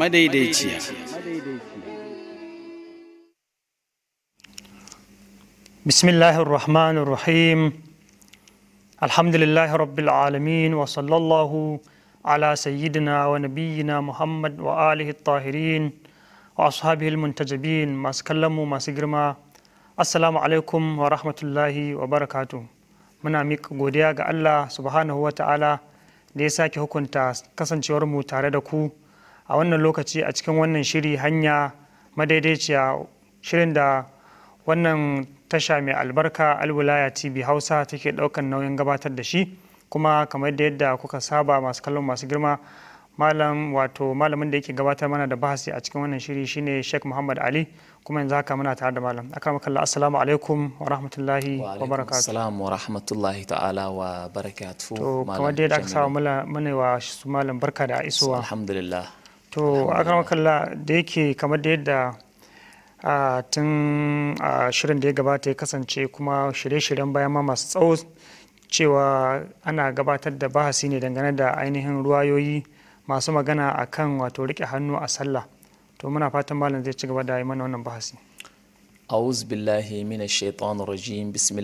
madaidaiciya bismillahir rahmanir rahim alhamdulillahi rabbil alamin wa ala sayyidina wa nabiyyina muhammad wa alihi tahirin wa hilmun tajabiin masu kallon mu masu girma assalamu alaikum wa rahmatullahi wa barakatu muna miƙa ga Allah subhanahu wa ta'ala da ya sake hukunta mu tare da ku a wannan lokaci a cikin wannan shiri hanya madaidaiciya shirin da wannan tasha mai albarka alwulaya tv hausa take daukan nauyin gabatar da shi kuma kamar da yadda kuka saba masu kallon masu girma malam wato malamin da yake gabatar mana da bahasi a cikin wannan shiri shine Sheikh Muhammad Ali kuma yanzu haka muna tare da malam aka makalla assalamu alaikum wa rahmatullahi wa barakatuh assalamu wa rahmatullahi ta'ala wa barakatuh to kamar da yadda aka saba mana wa su malam barka da isowa alhamdulillah to akwai kalla da yake kamar da yadda a tun shirin da ya gabata ya kasance kuma shirye-shiryen bayan ma masu tsawo cewa ana gabatar da bahasi ne dangane da ainihin ruwayoyi masu magana a kan wato rike hannu a sallah to muna fatan malam zai ci gaba da yi mana wannan bahasi أعوذ بالله من الشيطان الرجيم بسم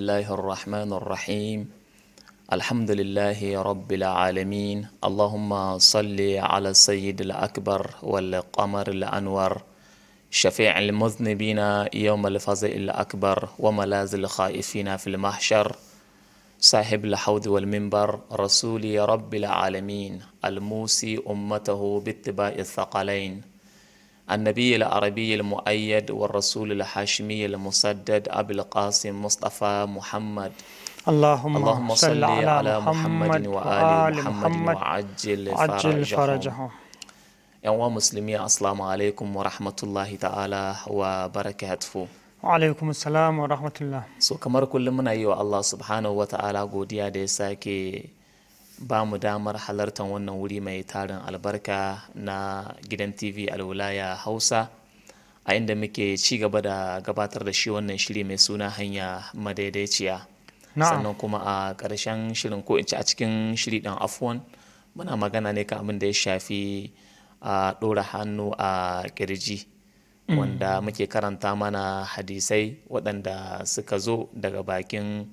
الحمد لله رب العالمين اللهم صل على السيد الأكبر والقمر الأنور شفيع المذنبين يوم الفزع الأكبر وملاذ الخائفين في المحشر صاحب الحوض والمنبر رسول رب العالمين الموسي أمته باتباع الثقلين النبي العربي المؤيد والرسول الحاشمي المسدد أبي القاسم مصطفى محمد اللهم, اللهم صل على, على محمد وآل محمد وعجل فرجهم, فرجهم. musulmi assalamu wa rahmatullahi ta'ala wa barakatuhu wa alaikum assalam wa rahmatullah so kamar kullum muna yi wa Allah subhanahu wa ta'ala godiya da ya sake ba mu damar halartar wannan wuri mai tarin albarka na gidan TV alwilaya Hausa a inda muke ci gaba da gabatar da shi wannan shiri mai suna hanya madaidaiciya sannan kuma a karshen shirin ko in a cikin shiri ɗin afuwan muna magana ne kamin da ya shafi a ɗora hannu a ƙirji mm. wanda muke karanta mana hadisai waɗanda suka zo daga bakin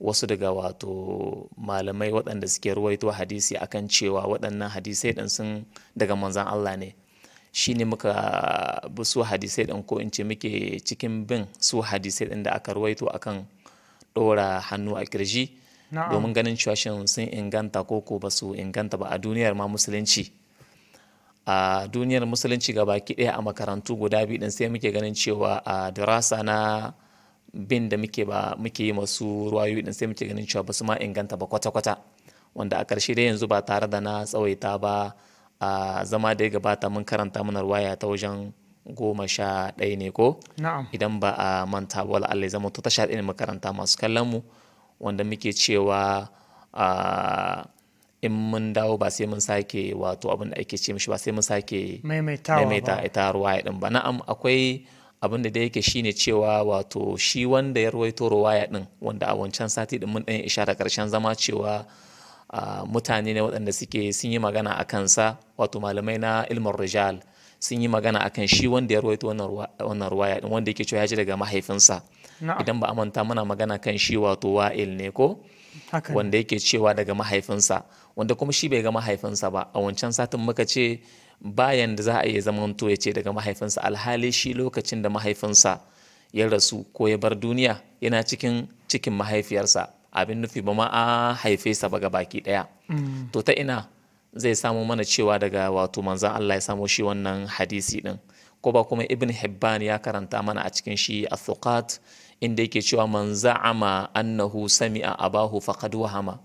wasu daga wato malamai waɗanda suke ruwaito hadisi akan cewa waɗannan hadisai ɗin sun daga manzan Allah ne shi ne muka bi su hadisai ɗin ko in ce muke cikin bin su hadisai ɗin da aka ruwaito akan ɗora hannu a kirji domin ganin cewa shin sun inganta ko ko ba su inganta ba a duniyar ma musulunci a duniyar musulunci ga baki ɗaya a makarantu guda biyu ɗin sai muke ganin cewa a dirasa na bin da muke ba muke yi masu ruwayoyi ɗin sai muke ganin cewa ba su ma inganta ba kwata-kwata wanda a ƙarshe dai yanzu ba tare da na tsawaita ba a zama da ya gabata mun karanta mana ruwaya ta wajen goma sha ɗaya ne ko? Na'am. Idan ba a manta ba zama ya zama tasha ɗaya ne makaranta masu kallon mu wanda muke cewa in mun dawo ba sai mun sake wato abin da ake ce mishi ba sai mun sake maimaita ita ruwaya din ba na'am akwai abin da yake shine cewa wato shi wanda ya ruwaito ruwaya ɗin wanda a wancan sati ɗin mun dan ishara karshen zama cewa mutane ne waɗanda suke sun yi magana a kansa wato malamai na ilmin rijal sun yi magana akan shi wanda ya rawaito wannan ruwaya wanda yake cewa ya ji daga mahaifinsa idan ba a manta muna magana kan shi wato wa'il ne ko wanda yake cewa daga mahaifinsa wanda kuma shi bai ga mahaifinsa ba a wancan satin muka ce bayan da za a iya to ya ce daga mahaifinsa alhali shi lokacin da mahaifinsa ya rasu ko ya bar duniya yana cikin cikin mahaifiyarsa abin nufi ba ma a haife sa ba ga baki daya mm. to ta ina zai samu mana cewa daga wato manzan Allah ya samo shi wannan hadisi din ko ba kuma ibn hibban ya karanta mana a cikin shi a thuqat inda yake cewa man za'ama annahu sami'a abahu faqad wahama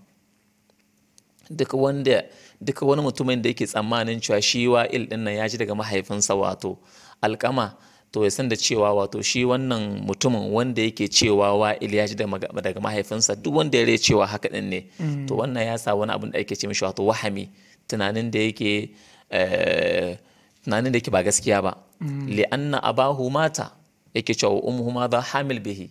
duka wanda duka wani mutumin da yake tsammanin cewa shi wa'il din nan ya ji daga mahaifinsa wato alkama to ya san da cewa wato shi wannan mutumin wanda yake cewa wa'il ya ji daga mahaifinsa duk wanda ya cewa haka din ne mm. to wannan ya sa wani abin da ake ce mishi wato wahami tunanin da yake eh, tunanin da yake ba gaskiya ba mm. li'anna abahu mata yake cewa ummuhu ma za hamil bihi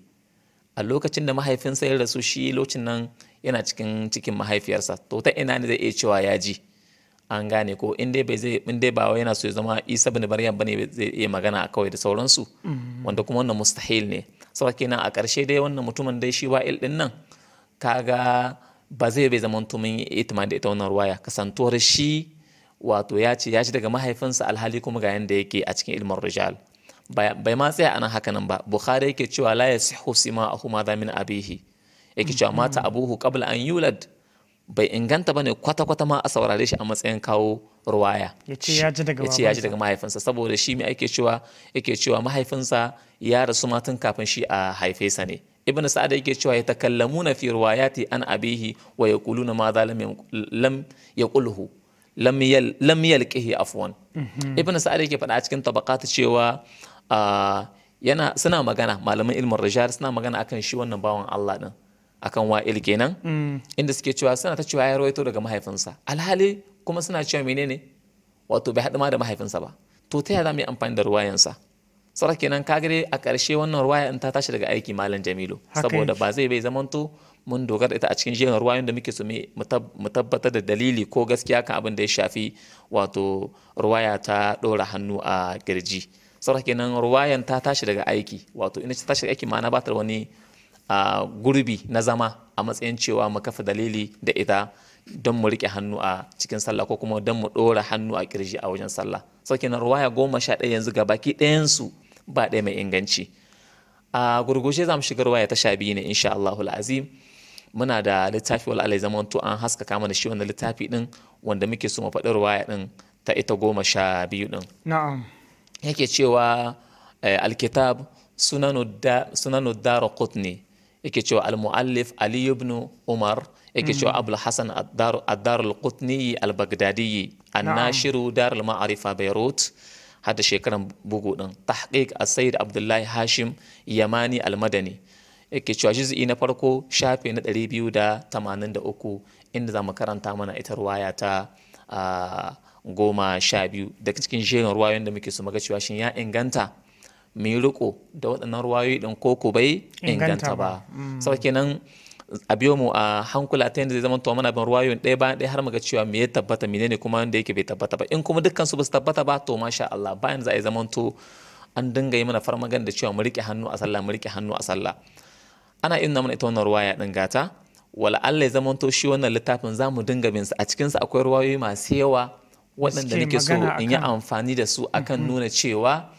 a lokacin da mahaifinsa ya rasu shi lokacin nan yana cikin cikin mahaifiyarsa to ta ina ne zai iya cewa ya ji an gane ko in dai bai zai in dai ba yana so ya zama Isa bin Maryam bane zai iya magana a kawai da sauransu mm. wanda kuma wannan mustahil ne saboda kenan a ƙarshe dai wannan mutumin dai shi wa'il din nan kaga ba zai bai zama tumin ita ma da ita wannan ruwaya kasantuwar shi wato ya ce ya ci daga mahaifinsa alhali kuma ga yanda yake a cikin ilmar rijal bai ma tsaya anan haka nan ba bukhari yake cewa la ya sihu sima a ma zamin abihi yake cewa mata abuhu kabla an yulad bai inganta bane kwata kwata ma a saurare shi a matsayin kawo ruwaya ya ce ya ji daga mahaifinsa saboda shi mai ake cewa yake cewa mahaifinsa ya rasu matun kafin shi a haife sa ne ibn sa'ad yake cewa ya na fi riwayati an abihi wa yaquluna ma zalam lam yaqulhu lam yal lam yalqihi afwan mhm. ibn sa'ad yake faɗa a cikin tabaqat cewa yana suna magana malaman ilmin rijal suna magana akan shi wannan bawan Allah din akan wa'il kenan mm. inda suke cewa suna ta cewa ya rawaito daga mahaifinsa alhali kuma suna cewa menene wato bai haɗu ma da mahaifinsa ba to ta yaya za mu yi amfani da ruwayansa saura kenan ka gare a ƙarshe wannan ruwaya in ta tashi daga aiki malam jamilu saboda ba zai bai zamanto mun dogara da ita a cikin jerin ruwayoyin da muke su mu tabbatar da dalili ko gaskiya kan abin da ya shafi wato ruwaya ta ɗora hannu a girji saura kenan ruwayan ta tashi daga aiki wato ina ta tashi daga aiki ma'ana batar wani gurbi na zama a matsayin cewa mu kafa dalili da ita don mu riƙe hannu a cikin sallah ko kuma don mu ɗora hannu a kirji a wajen sallah sau kenan ruwaya goma sha ɗaya yanzu ga baki su. ba ɗaya mai inganci a gurguje za mu shigar waya ta sha biyu ne insha Allahul azim muna da littafi wal alai zaman to an haskaka mana shi wannan littafi din wanda muke so mu faɗi ruwaya din ta ita goma sha biyu din na'am yake cewa eh, alkitab sunanu dara qutni yake cewa al-mu'allif ali ibn umar yake mhm. cewa abul hasan ad-dar al-qutni al-baghdadi an-nashiru dar al-ma'rifa beirut har da shekaran bugu din tahqiq a saida abdullahi hashim yamani almadani madani yake cewa juz'i na farko shafe na ɗari biyu da tamanin 283 inda za mu karanta mana ita ruwaya ta goma sha biyu daga cikin jerin ruwayoyin da muke su maga cewa shin ya inganta mu riko da waɗannan ruwayoyi ɗin koko bai inganta ba mm. sau a biyo mu a hankula ta yadda zai zama mana mana ruwa ruwayoyin ɗaya bayan ɗaya har muga cewa me ya tabbata ne kuma wanda yake bai tabbata ba in kuma dukkan su ba su tabbata ba to masha Allah bayan za a yi zaman to an dinga yi mana farmagan da cewa mu rike hannu a sallah mu rike hannu a sallah ana inna mana ita wannan ya ɗin gata wala Allah ya zama to shi wannan littafin za mu dinga bin sa a cikin sa akwai ruwayoyi masu yawa waɗanda nake so in yi amfani da su akan mm-hmm. nuna cewa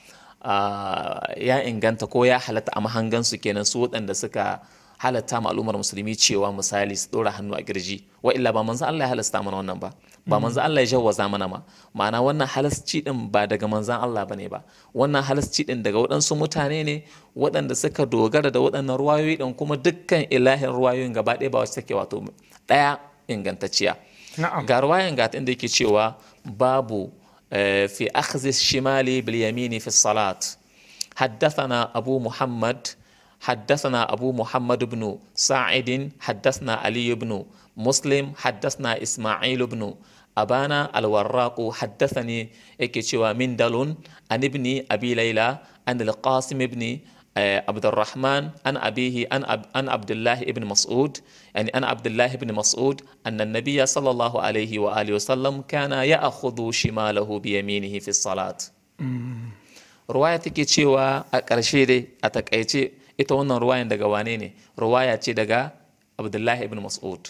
ah, ya inganta ko ya halatta a mahangansu kenan su waɗanda suka halatta ma al'ummar musulmi cewa misali su dora hannu a girji wa illa ba manzo Allah ya halasta mana wannan ba ba manzo Allah ya jawwaza mana ma ma'ana wannan halasci din ba daga manzan Allah bane ba wannan halasci din daga waɗansu mutane ne waɗanda suka dogara da waɗannan ruwayoyi din kuma dukkan ilahin ruwayoyin gaba ɗaya ba wacce take wato ɗaya ingantacciya ga ruwayan ga inda yake cewa babu eh, fi akhdhi shimali bil yamini fi salat حدثنا أبو محمد حدثنا أبو محمد بن سعيد حدثنا علي بن مسلم حدثنا إسماعيل بن أبانا الوراق حدثني إكتشوا من دلون أن ابني أبي ليلى أن القاسم بن آه، عبد الرحمن أن أبيه أن, أن عبد الله بن مسعود يعني أن عبد الله بن مسعود أن النبي صلى الله عليه وآله وسلم كان يأخذ شماله بيمينه في الصلاة رواية كتشوا أكرشيري أتكأيتي ita wannan ruwayan daga wane ne ruwaya ce daga abdullahi ibn mas'ud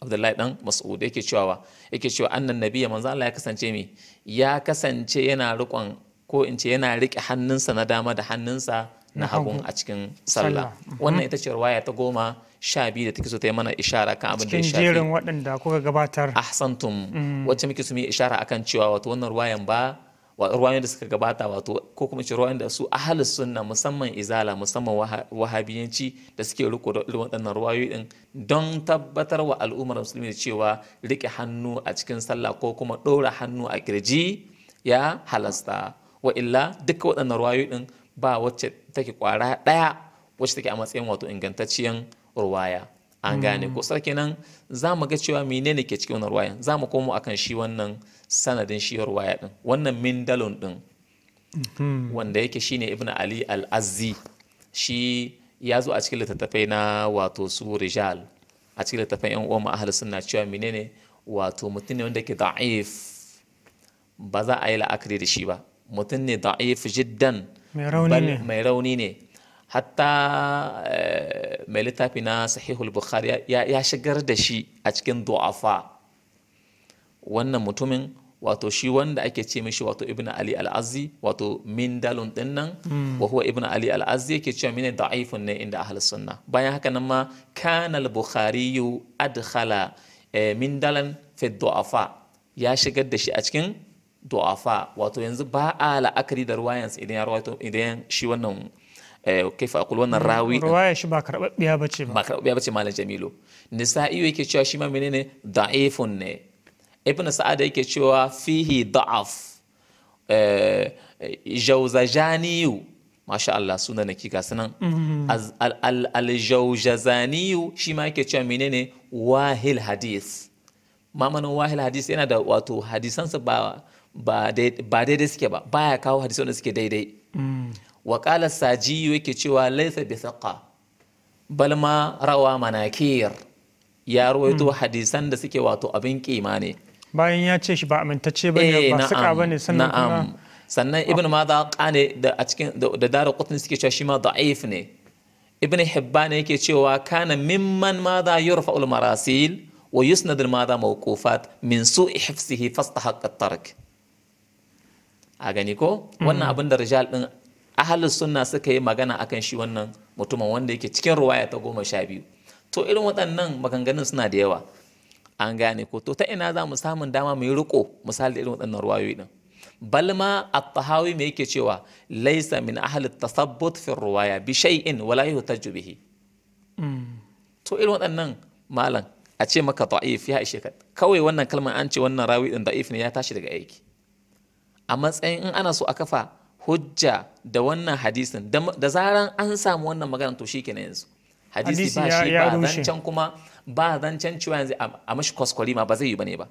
abdullahi dan mas'ud yake cewa yake cewa annan nabiyya manzo Allah ya kasance mi ya kasance yana riƙon ko in ce yana rike hannunsa na dama da hannunsa na hagu a cikin sallah mhm. wannan ita ce ruwaya ta goma sha biyu da take so ta yi mana ishara kan abin da ya shafi jerin waɗanda kuka gabatar ahsantum mm. wacce muke su mu ishara akan cewa wato wannan ruwayan ba ruwayoyin da suka gabata wato ko kuma ce da su ahalus sunna musamman izala musamman wahabiyanci da suke riko da waɗannan ruwayoyi din don tabbatar wa al'ummar musulmi da cewa rike hannu a cikin sallah ko kuma ɗora hannu a kirji ya halasta wa illa duka waɗannan ruwayoyi din ba wacce take kwara ɗaya wacce take a matsayin wato ingantacciyar ruwaya an gane ko mm. kenan za mu ga cewa menene ke cikin ruwayan za mu komo akan shi wannan sanadin shi ruwaya din wannan mindalon din mm-hmm. wanda yake shine ibn ali al-azzi shi ya zo a cikin littattafai na wato su rijal a cikin littattafai yan uwa ahal sunna cewa menene wato mutum ne wanda yake da'if ba za a yi la'akari da shi ba mutum ne da'if jiddan mai rauni ne hatta eh, mai littafi na sahihul bukhari ya shigar da shi a cikin du'afa wannan mutumin wato shi wanda ake ce mishi wato ibn ali al'azzi wato min dalun din nan hmm. wa huwa ibn ali al'azzi yake cewa mine da'ifun ne inda ahal sunna bayan haka nan ma kana al-bukhari adkhala eh, min dalan fi du'afa ya shigar da shi a cikin du'afa wato yanzu ba a la'akari da ruwayansa idan ya idan shi wannan Eh, kaifa aqul wannan hmm, rawi ruwaya shi ba ba ce ba ba ce malam jamilu nisa'i yake cewa shi ma menene da'ifun ne ibn sa'ad yake cewa fihi da'af eh, jawzajaniyu masha Allah sunan naki ga sunan hmm. al-jawjazaniyu shi ma yake cewa menene wahil hadith mamanin wahil hadith yana da wato hadisansa ba ba daidai suke ba baya kawo hadisan da suke daidai hmm. wa qala sajiyu yake cewa laysa bi thaqa bal ma rawa manakir ya ruwaito hadisan da suke wato abin kima ne bayan ya ce shi ba amintacce ba ne ba suka ba ne sannan kuma sannan ibn madha qane da a cikin da daru qutni suke cewa shi ma da'if ne ibn hibban yake cewa kana mimman madha yurfa al marasil wa yusnad al madha mawqufat min su'i hifsihi fastahaqqa at-tark a gani ko wannan abin da rijal din ahalin sunna suka yi magana akan shi wannan mutumin wanda yake cikin ruwaya ta goma sha biyu to irin waɗannan maganganun suna da yawa an gane ko to ta ina za mu samun dama mu yi riko misali da irin waɗannan ruwayoyi din balma at-tahawi me yake cewa laisa min ahli tasabbut fi ruwaya bi shay'in wala yuhtaju bihi to irin waɗannan malam a ce maka da'if ya ishe kawai wannan kalmar an ce wannan rawi din da'if ne ya tashi daga aiki a matsayin in ana so a kafa hujja da wannan hadisin da zaran an samu wannan magana to shikenan yanzu hadisi ba shi ba zancen kuma ba zancen cewa yanzu a mashi kwaskwari ma ba zai yi bane ba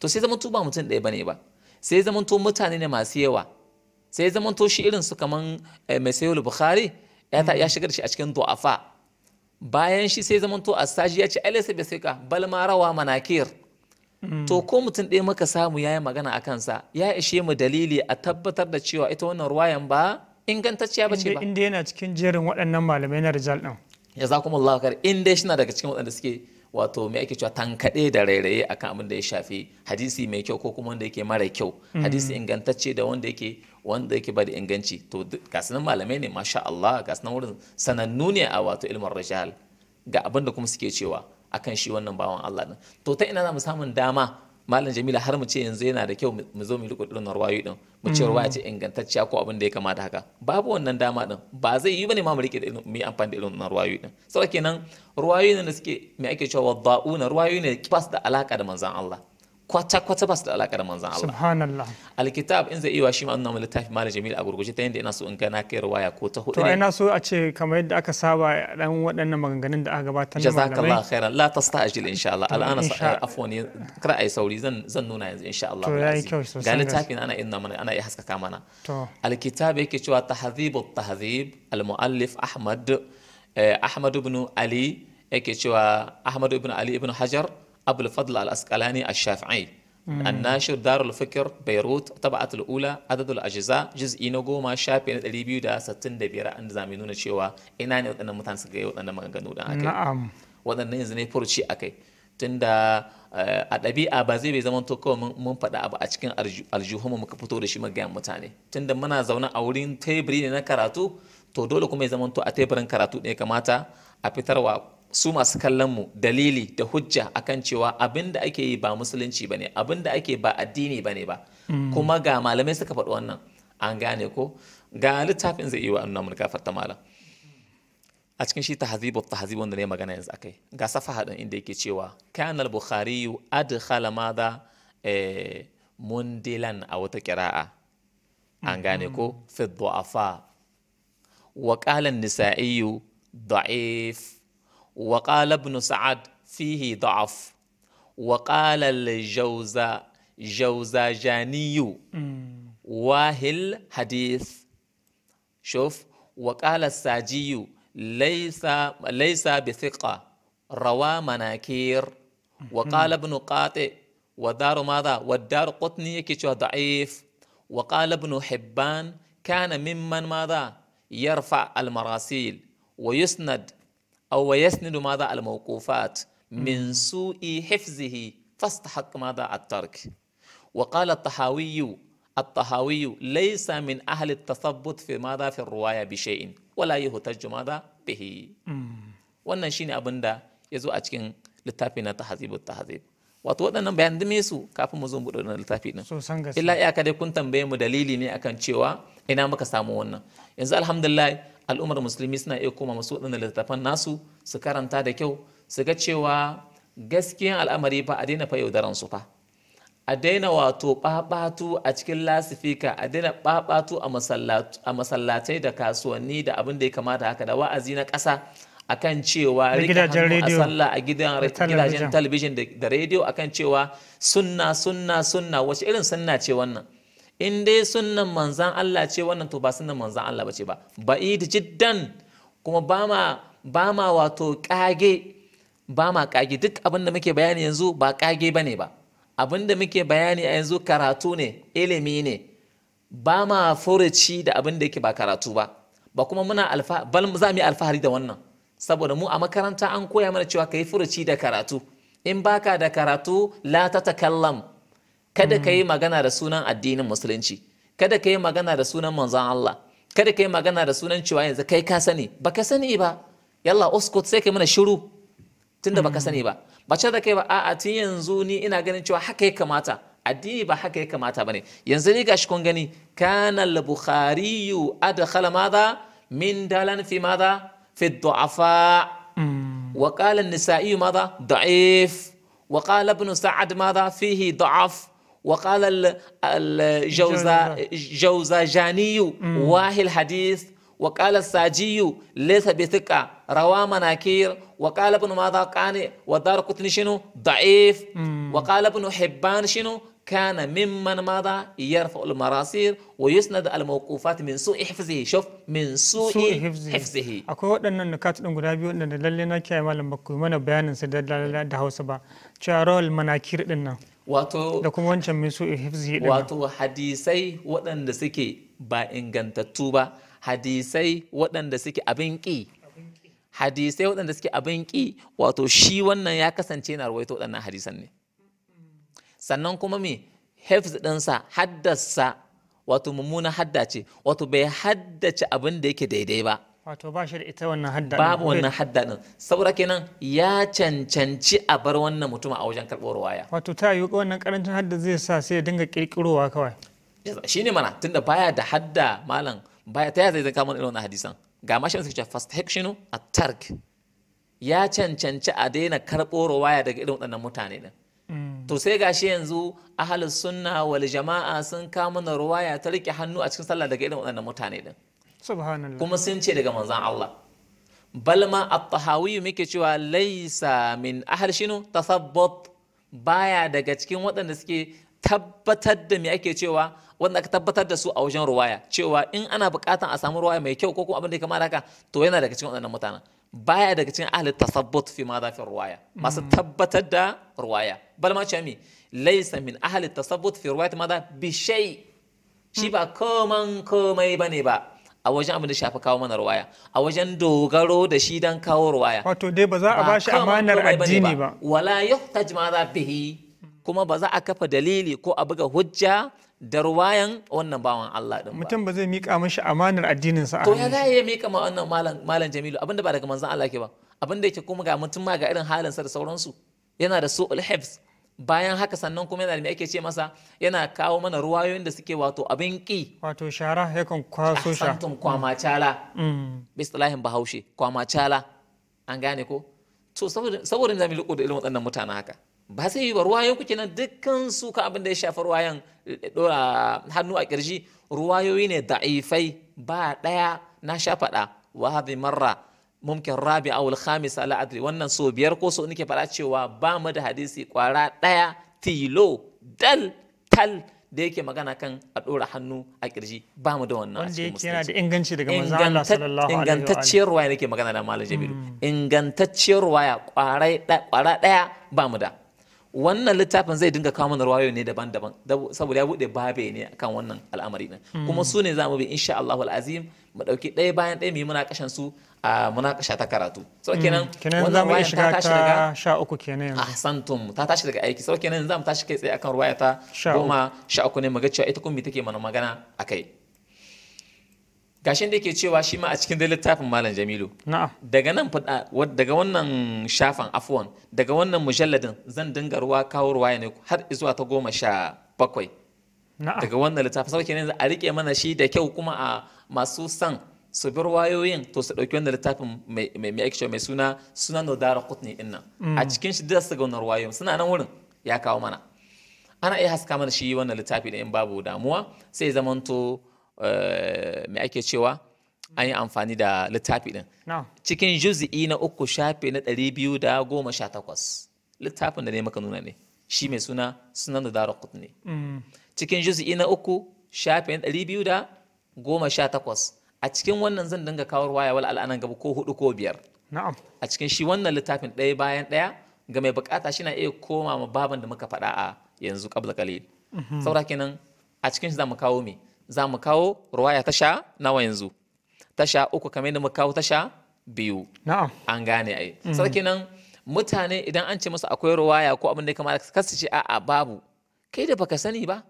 to sai zamanto ba mutum ɗaya bane ba sai to mutane ne masu yawa sai zamanto shi irin su kaman eh, mai bukhari ya shigar shi a cikin du'afa bayan shi sai zamanto Asaji ya ce alaisa bai sai ka bal ma rawa manakir to ko mutum ɗaya muka samu ya yi magana a kansa ya ishe mu dalili a tabbatar da cewa ita wannan ruwayan ba ingantacciya ba ce ba inda yana cikin jerin waɗannan malamai na rijal ɗin ya za kuma Allah kar inda shi na daga cikin waɗanda suke wato me ake cewa tankaɗe da rairaye kan abin da ya shafi hadisi mai kyau ko kuma wanda yake mara kyau mm. hadisi ingantacce da wanda yake wanda yake ba da inganci to ga malamai ne masha Allah ga wurin sanannu ne a wato ilmin rijal ga abin da kuma suke cewa akan shi wannan bawan Allah din to ta ina za mu samun dama malam jamila har mu ce yanzu yana da kyau mu zo mu riko irin ruwayoyi din mu ce ruwaya ce ingantacciya ko abin da ya kamata haka babu wannan dama din ba zai yi bane ma mu riƙe da mu amfani da irin ruwayoyi din saboda kenan ruwayoyi ne da suke me ake cewa wadda'una ruwayoyi ne ba da alaka da manzon Allah kwata-kwata ba su da alaƙa da manzan Allah. Subhanallah. Alkitab in zai iya shi ma'anuna mu littafi Malam Jamil a gurguje ta yadda ina so in gana kai rawaya ko ta hudu To ina so a ce kamar yadda aka saba dan waɗannan maganganun da aka gabatar na malamai. Jazakallah khairan la tasta'jil insha Allah. Eh, Al'ana afwan kar ai sauri zan zan nuna yanzu insha Allah. To yayi kyau sosai. Ga littafin ana inna mana ana iya haskaka mana. To. Alkitab yake cewa tahdhibu tahdhib al-muallif Ahmad eh, Ahmad ibn Ali yake cewa Ahmad ibn Ali ibn Hajar أبو الفضل الأسقلاني الشافعي مم. الناشر دار الفكر بيروت طبعت الأولى عدد الأجزاء جزء نقو ما شافي نتاليبيو دا ستن دبيرا أن زامنون شيوا إنا نتنا متان سكي وتنا مغنو دا أكي نعم وتنا يزني فرشي أكي تندا a ɗabi'a ba zai bai zama to mun faɗa abu a cikin aljuhunmu muka fito da shi mu gaya mutane tunda muna zauna a wurin teburi ne na karatu to dole kuma ya zama a teburin karatu ne kamata a fitarwa su masu kallon mu dalili da hujja akan cewa abin da ake yi ba musulunci bane abin da ake ba addini bane ba mm. kuma ga malamai suka faɗi wannan an gane ko ga littafin zai iya annan mun gafarta malam a cikin shi tahzibu tahzib wanda ne magana yanzu akai ga safaha din inda yake cewa kana al-bukhari adkhala madha eh, mundilan a wata kira'a an gane ko mm-hmm. fi du'afa wa qala an-nisa'i da'if وقال ابن سعد فيه ضعف وقال الجوزاء جاني واهل حديث شوف وقال الساجي ليس ليس بثقة روى مناكير وقال ابن قاطع ودار ماذا والدار قطني كيشو ضعيف وقال ابن حبان كان ممن ماذا يرفع المراسيل ويسند أو ويسند ماذا الموقوفات من سوء حفظه فاستحق ماذا الترك وقال الطحاوي الطحاوي ليس من أهل التثبت في ماذا في الرواية بشيء ولا يهتج ماذا به wannan shine abin da ya zo a cikin littafi na tahzibu tahzib wato waɗannan bayan dume su kafin mu zo mu ɗauki littafi ɗin illa iyaka dai kun tambaye mu dalili ne akan cewa ina muka samu wannan yanzu alhamdulillah al'ummar musulmi suna iya koma masu waɗannan littattafan nasu su karanta da kyau su ga cewa gaskiyan al'amari ba a daina fa yaudaran su fa a daina wato ɓaɓatu a cikin lasifika a daina ɓaɓatu a masallatai da kasuwanni da abin da ya kamata haka da wa'azi na ƙasa akan cewa rika a sallah a gidajen talabijin da rediyo akan cewa sunna sunna sunna wace irin sunna ce wannan in dai sunnan manzan Allah ce wannan to ba sunan manzan Allah bace ba ba'id jiddan kuma ba ma wato kage ba ma kage duk abin da muke bayani yanzu ba kage bane ba abin da muke bayani a yanzu karatu ne ilimi ne ba ma furuci da abin da yake ba karatu ba ba kuma muna alfa bal za mu yi alfahari da wannan saboda mu a makaranta an koya mana cewa ka yi furuci da karatu in baka da karatu la ta kada ka yi mm. magana da sunan addinin musulunci kada ka yi magana da sunan manzon Allah kada ka yi magana da sunan cewa yanzu kai ka sani ka sani ba yalla uskut sai kai mana shiru tunda ka mm. sani ba ba da kai ba a'a tun yanzu ni ina ganin cewa haka ya kamata addini ba haka ya kamata bane yanzu ni gashi kun gani kana al-bukhari adkhala madha min dalan fi madha fi du'afa mm. wa qala an-nisa'i madha da'if wa qala ibn sa'ad madha fihi da'af وقال الجوزاجاني واهي الحديث وقال الساجي ليس بثقة روى مناكير وقال ابن ماذا كان ودار قتني شنو ضعيف وقال ابن حبان شنو كان ممن ماذا يرفع المراسير ويسند الموقوفات من سوء حفظه شوف من سوء, سوء حفظه, حفظه. أكو waɗannan nukat ɗin guda biyu waɗanda lalle na kiyaye malam bakwai mana bayanin su دهو سبا Hausa ba cewa wato da kuma wancan mai su'il hifzi wato hadisai waɗanda suke ba ingantattu ba hadisai waɗanda suke abin ƙi hadisai waɗanda suke abin ƙi wato shi wannan ya kasance na rawaito waɗannan hadisan ne sannan kuma me hifz ɗinsa haddasa wato mummuna hadda ce wato bai haddace abin da yake daidai ba wato ba shi da ita wannan hadda babu wannan hadda din saboda kenan ya cancanci a bar wannan mutum a wajen karɓar waya wato ta yi wannan karancin hadda zai sa sai ya dinga kirkirowa kawai shine mana tunda baya da hadda malam baya ta zai zaka mana irin wannan hadisan ga mashi suke cewa fast hekshinu a tark ya cancanci a daina karɓo waya daga irin waɗannan mutane din mm. to sai gashi yanzu ahalus sunna wal jama'a sun kama na ruwaya ta rike hannu a cikin sallah daga irin waɗannan mutane din kuma sun ce daga manzan Allah balma at tahawiyu muke cewa laisa min ahal shinu tasabbat baya daga cikin waɗanda suke tabbatar da me ake cewa wanda aka tabbatar da su a wajen ruwaya cewa in ana buƙatan a samu ruwaya mai kyau ko kuma abin da ya kama haka to yana daga cikin waɗannan mutanen baya daga cikin ahli tasabbut fi ma fi ruwaya masu mm. tabbatar da ruwaya bal ma ce mi laysa min ahli tasabbut fi ruwayat ma bi shay shi ba koman komai bane ba a wajen abin da shafi kawo mana ruwaya a wajen dogaro da shi don kawo ruwaya wato dai ba za a bashi amanar addini ba wala yuhtaj ma za bihi kuma ba za a kafa dalili ko a buga hujja da ruwayan wannan bawan Allah din ba mutum ba zai mika mishi amanar addinin sa to ya za ya mika ma wannan malam malam Jamilu abinda ba daga manzon Allah ke ba abinda yake kuma ga mutum ma ga irin halin sa da sauransu yana da su'ul hifz bayan haka sannan kuma yana da me ake ce masa yana kawo mana ruwayoyin da suke wato abin ki wato shara yakan kwaso sha santum kwamacala mm. bisalahin bahaushe kwamacala an gane ko to saboda zamu riko da ilimin wadannan mutanen haka ba sai ba ruwayo kuke nan dukkan su ka abin da ya shafi ruwayan eh, hannu a kirji ruwayoyi ne da'ifai ba ɗaya na sha faɗa wa marra mumkin rabi a khamis ala adri wannan so biyar ko so nake faɗa cewa ba mu da hadisi kwara ɗaya tilo dal tal da yake magana kan a ɗora hannu a ƙirji ba mu da wannan a cikin musulunci yana da inganci daga manzo Allah sallallahu alaihi wa sallam. ingantacciyar ruwaya nake magana da malam Jabiru hmm. ingantacciyar ruwaya ƙwara ɗaya ba mu da wannan littafin zai dinga kawo mana ruwayo ne daban-daban saboda ya bude babe ne kan wannan al'amari din kuma hmm. su ne za mu bi insha Allahu al'azim mu dauki ɗaya bayan ɗaya mu yi muna kashan su a munakasha ta karatu so kenan wannan mu ta tashi daga sha uku kenan yanzu ahsantum ta tashi daga aiki so kenan zamu tashi kai tsaye akan ruwaya ta goma sha uku ne muga cewa ita kuma take mana magana akai gashin da yake cewa shi ma a cikin littafin malam jamilu daga nan daga wannan shafan afwan daga wannan mujalladin zan dinga ruwa kawo ruwaya ne har zuwa ta goma sha bakwai daga wannan littafin sau kenan a rike mana shi da kyau kuma a masu san su bar wayoyin to su ɗauki wanda littafin mai mai aiki mai suna suna no dara kutni in nan mm. a cikin shi da su gaunar wayoyin suna nan wurin ya kawo mana ana iya haska mana shi wannan littafi da in babu damuwa sai zamanto eh, mai ake cewa an yi amfani da littafi din cikin juzi'i na uku shafe na ɗari biyu da goma sha takwas littafin da ne maka nuna ne shi mai suna suna da dara kutni mm. cikin juzi'i na uku shafe na ɗari biyu da goma sha takwas a cikin wannan zan dinga kawar waya wal al'anan gaba ko hudu ko biyar na'am a cikin shi wannan littafin ɗaya bayan ɗaya ga mai bukata shi na iya koma ma baban da muka faɗa a yanzu qabla qalil mhm. saura kenan a cikin shi za mu kawo me za mu kawo ruwaya tasha nawa yanzu tasha uku kamar yadda muka kawo tasha biyu an gane ai mhm. saura kenan mutane idan an ce musu akwai ruwaya ko abin da ya kamata kasance a'a babu kai da baka sani ba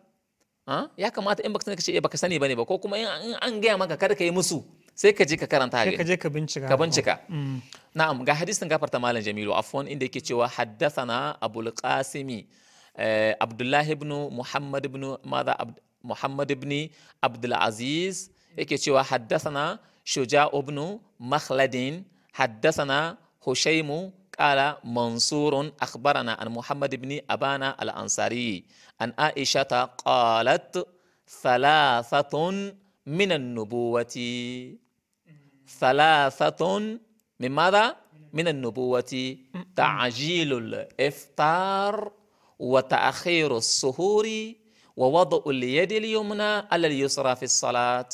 ya kamata in baka sani kace eh, baka sani bane ba ko kuma in an gaya maka kada ka yi musu sai ka je ka karanta ka je ka bincika ka bincika mm. na'am ga hadisin gafarta malam jamilu afwan inda yake cewa haddathana abul qasimi eh, abdullah ibn muhammad ibn madha muhammad ibn abdul aziz yake cewa haddathana shuja ibn makhladin haddathana hushaimu قال منصور أخبرنا عن محمد بن أبانا الأنصاري أن عائشة قالت ثلاثة من النبوة ثلاثة من ماذا؟ من النبوة تعجيل الإفطار وتأخير السهور ووضع اليد اليمنى على اليسرى في الصلاة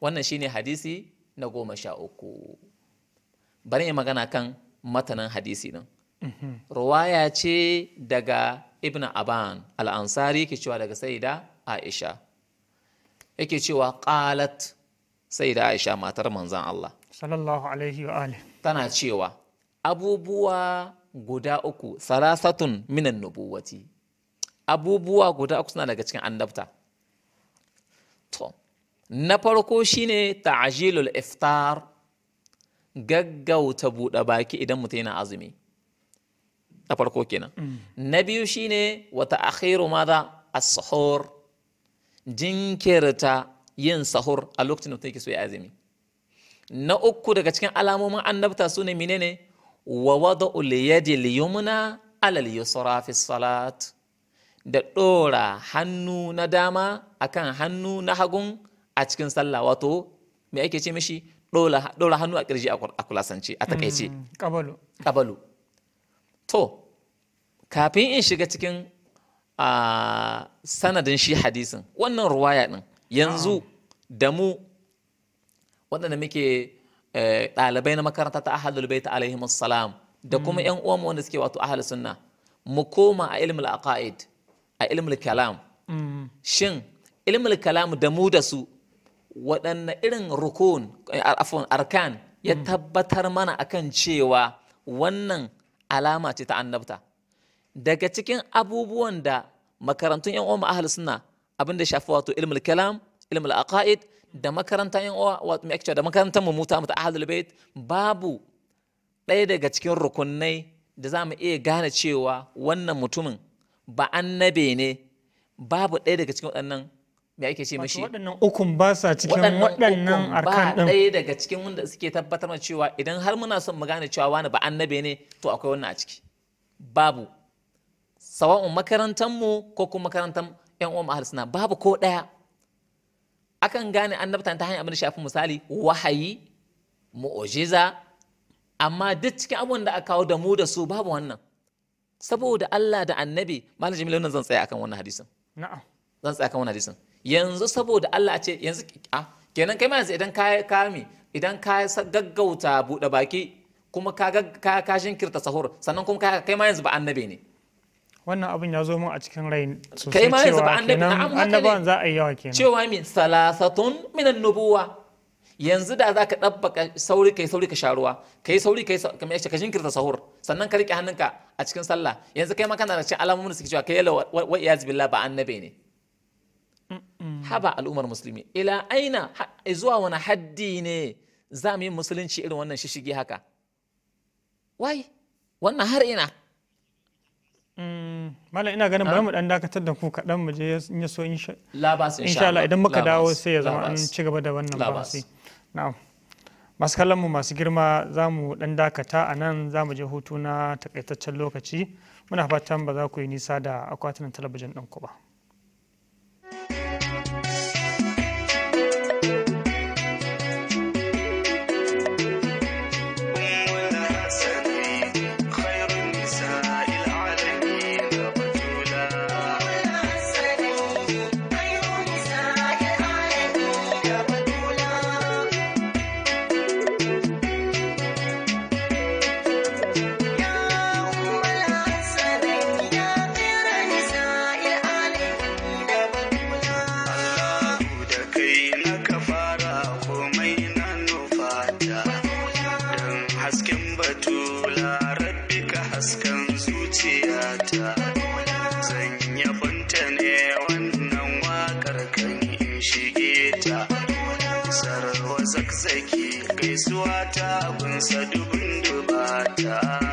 ونشيني حديثي نقوم شاؤكو bari magana kan matanan hadisi nan. Mhm. ruwaya ce daga ibn aban al'ansari ke cewa daga saida aisha yake cewa ƙalat saida aisha matar manzan Allah sallallahu alaihi wa tana cewa abubuwa guda uku sarasatun minan nubuwati abubuwa guda uku suna daga cikin annabta to na farko shine ta'jilul iftar gaggauta buɗe baki idan mutum yana azumi na farko kenan mm. na biyu shine wata akhiru maza a suhur jinkirta yin sahur a lokacin da mutum yake so ya azumi na uku daga cikin alamomin annabta su ne mine ne wa wada yadil yumna alal yusra fi salat da ɗora hannu na dama akan hannu na hagun a cikin sallah wato me ake ce mishi ɗola hannu a ƙirji a kulasance a takaice ƙabalu mm, ƙabalu to kafin in shiga cikin sanadin shi hadisin wannan ruwaya ɗin yanzu da mu waɗanda muke eh, ɗalibai na makaranta ta ahalul baita alaihi salam da kuma yan mm. uwanmu wanda suke wato ahal sunna mu koma a ilmul aqaid a ilmul kalam mm. shin ilmul kalam da mu da su waɗanne irin rukun eh, afon arkan ya hmm. tabbatar mana akan cewa wannan alama ce ta annabta daga cikin abubuwan da makarantun yan uwa ahli suna abin da shafi wato ilmul kalam ilmul aqaid da makarantar yan uwa wato mai da makarantar mu muta mu ta ahlul babu ɗaya daga cikin rukunai da za mu iya gane cewa wannan mutumin ba annabe ne babu ɗaya daga cikin waɗannan me ake ce mashi waɗannan ukun ba sa cikin waɗannan arkan ɗin ɗaya daga cikin wanda suke tabbatar da cewa idan har muna son mu gane cewa wani ba annabe ne to akwai wannan a ciki babu sawa'un makarantar mu ko kuma makarantar yan uwan ahal suna babu ko ɗaya akan gane annabta ta hanyar abin da shafi misali wahayi mu'ujiza amma duk cikin abin da aka kawo da mu da su babu wannan saboda Allah da annabi malam jamilu nan zan tsaya akan wannan hadisin na'am zan tsaya akan wannan hadisin yanzu saboda Allah a ce yanzu a kenan kai ma yanzu idan ka kame idan ka gaggauta buɗe baki kuma ka ka shinkirta sahur sannan kuma kai ma yanzu ba annabi ne wannan abin ya zo mun a cikin rai sosai kai ma yanzu ba annabi na annabawan za a yi yawa kenan cewa min salasatun minan nubuwa yanzu da zaka dabbaka sauri kai sauri ka sharuwa kai sauri kai kamar ka shinkirta sahur sannan ka rike hannunka a cikin sallah yanzu kai ma kana da cikin alamomin da suke cewa kai yalla wa iyaz billah ba annabi ne Mm. haba al'ummar musulmi ila aina zuwa wani haddi ne za mu yi musulunci irin wannan shishigi haka wai wannan har ina mm, Mala ina ganin bari mu dan dakatar da ku kaɗan mu je in ya so insha Allah idan muka dawo sai ya zama an ci gaba da wannan bahasi. Na'am. Masu kallon mu masu girma za mu dan dakata a nan za mu je hutu na takaitaccen lokaci. Muna fatan ba za ku yi nisa da akwatin talabijin ɗinku ba. abinsa dubin dubata.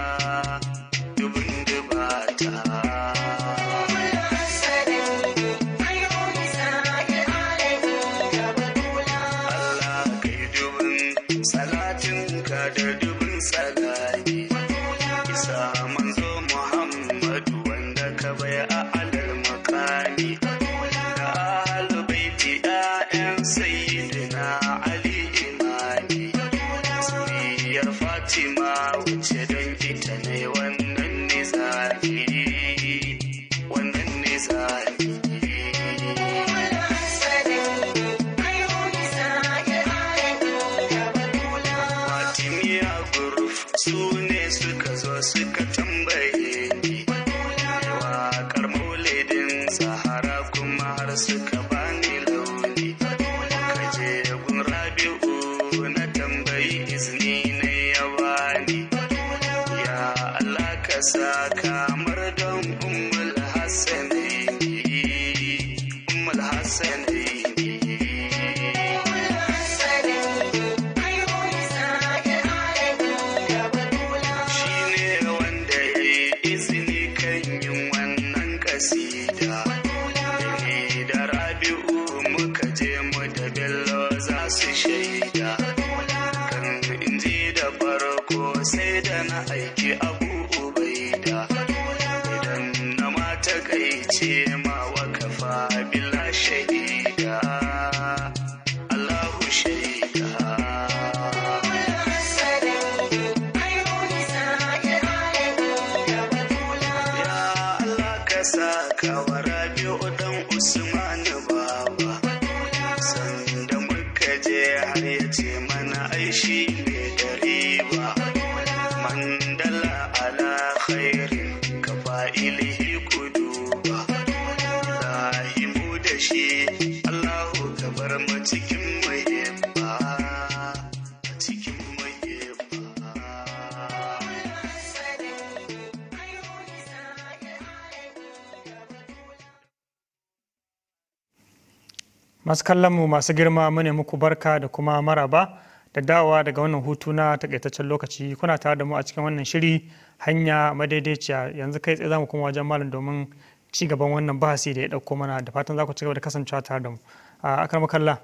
kallonmu masu girma mune muku barka da kuma maraba da dawa daga wannan hutu na takaitaccen lokaci kuna tare da mu a cikin wannan shiri hanya madaidaiciya yanzu kai tsaye zamu kuma wajen malam domin ci gaban wannan bahasi da ya dauko mana da fatan za ku ci gaba da kasancewa tare da mu a akar makalla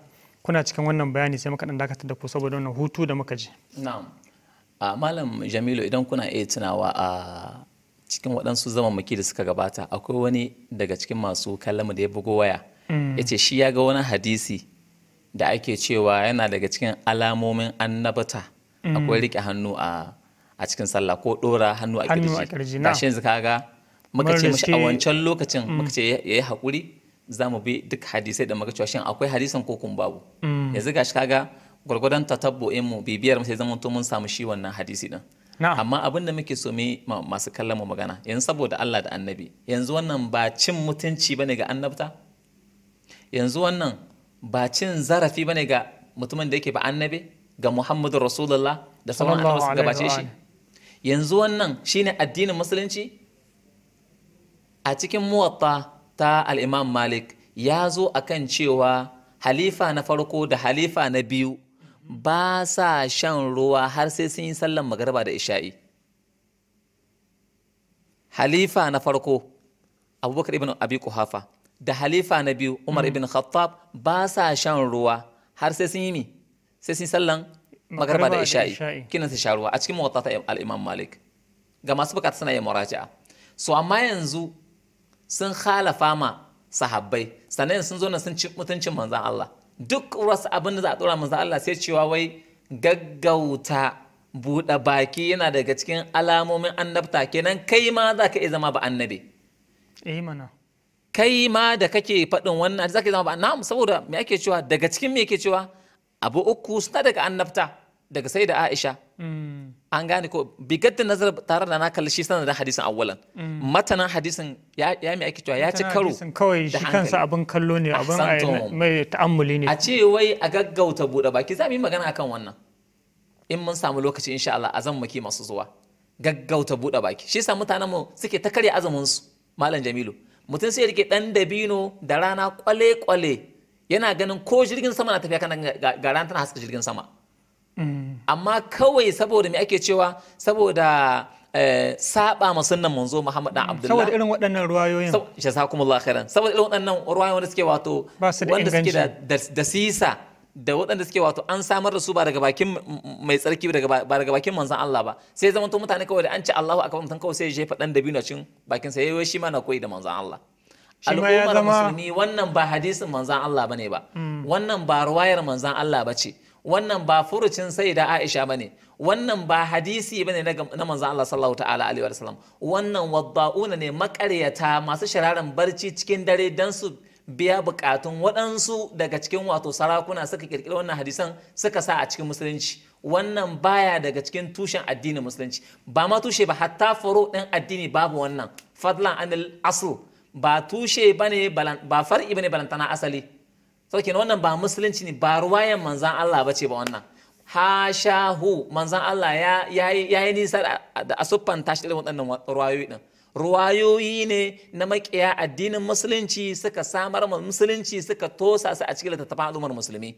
kuna cikin wannan bayani sai muka dan dakatar da ku saboda wannan hutu da muka je na'am a malam jamilu idan kuna iya tunawa a cikin waɗansu zaman maki da suka gabata akwai wani daga cikin masu kallon da ya bugo waya ya ce shi ya ga wani hadisi da ake cewa yana daga cikin alamomin annabata akwai rike hannu a cikin sallah ko ɗora hannu a kirji gashi yanzu kaga muka ce mashi a wancan lokacin mm. muka ce ya yi haƙuri za mu bi duk hadisai da muka cewa mm. shi akwai hadisan ko kun babu yanzu shi kaga gwargwadon tatabbu'in mu bibiyar mu sai zama mun samu shi wannan hadisi din amma abin da muke so masu kallon mu magana yanzu saboda Allah da annabi yanzu wannan ba cin mutunci bane ga annabta yanzu wannan ba cin zarafi bane ga mutumin da yake ba annabi ga Muhammadu Rasulullah da sauran annabi gabace shi yanzu wannan shine addinin musulunci a cikin muwatta ta al-Imam Malik ya zo akan cewa halifa na farko da halifa na biyu ba sa shan ruwa har sai sun yi sallan magaraba da isha'i halifa na farko abubakar ibn abi kuhafa da halifa na biyu Umar mm. ibn Khattab ba sa shan ruwa har sai sun yi mi sai sun sallan magarba da isha'i kinan su sha ruwa a cikin muwatta al-Imam Malik ga masu bukata suna yin muraja'a so amma yanzu sun khalafa ma sahabbai sannan sun zo na sun ci mutuncin manzan Allah duk wasu abin da za a dora manzan Allah sai cewa wai gaggauta buɗe baki yana daga cikin alamomin annabta kenan kai ma za ka iya zama ba annabi. Eh mana. kai ma da kake faɗin wannan hadisi zaka zama ba na'am saboda me ake cewa daga cikin me yake cewa abu uku suna daga annabta daga sai da Aisha hmm. an gane ko Bigar da nazar tare da na kalli shi sanar da hadisin awwalan hmm. matanan hadisin ya me ake cewa ya ci karo kawai shi kansa abin kallo ne abin mai ta'ammuli ne a ce wai a gaggauta buɗe baki za mu yi magana akan wannan in mun samu lokaci insha Allah a maki masu zuwa gaggauta buɗe baki shi sa mutanen mu suke ta karya azumin su malam Jamilu mutum sai rike ɗan dabino da rana kwale-kwale yana ganin ko jirgin sama na tafiya kana ga rana tana haska jirgin sama mm. amma kawai saboda me ake cewa saboda eh, saba ma sunnan manzo Muhammad dan mm. Abdullah saboda irin waɗannan ruwayoyin jazakumullahu khairan saboda irin waɗannan ruwayoyin wanda suke wato wanda suke da dasisa da waɗanda suke wato an samar da su ba daga bakin mai tsarki ba daga bakin manzan Allah ba sai zama to mutane kawai da an ci Allahu a mutan kawai sai ya jefa dan dabino cin bakin sa yayi shi ma na koyi da manzan Allah al'ummar musulmi wannan ba hadisin manzan Allah bane ba hmm. wannan ba ruwayar manzan Allah bace wannan ba furucin sai da Aisha bane wannan ba hadisi bane na manzan Allah sallallahu ta'ala alaihi wa sallam wannan wadda'una ne makaryata masu shararan barci cikin dare dan su biya bukatun waɗansu daga cikin wato sarakuna suka kirkiri wannan hadisan suka sa a cikin musulunci wannan baya daga cikin tushen addinin musulunci ba ma tushe ba hatta faro ɗin addini babu wannan fadlan anil asu ba tushe ne ba far'i ne balantana asali sauke wannan ba musulunci ne ba ruwayan manzan Allah bace ba wannan hu manzan Allah ya yi nisa da asuffan tashi irin waɗannan ruwayoyi ɗin ruwayoyi ne na makiya addinin musulunci suka samar ma musulunci suka tosa su a cikin littattafan al'ummar musulmi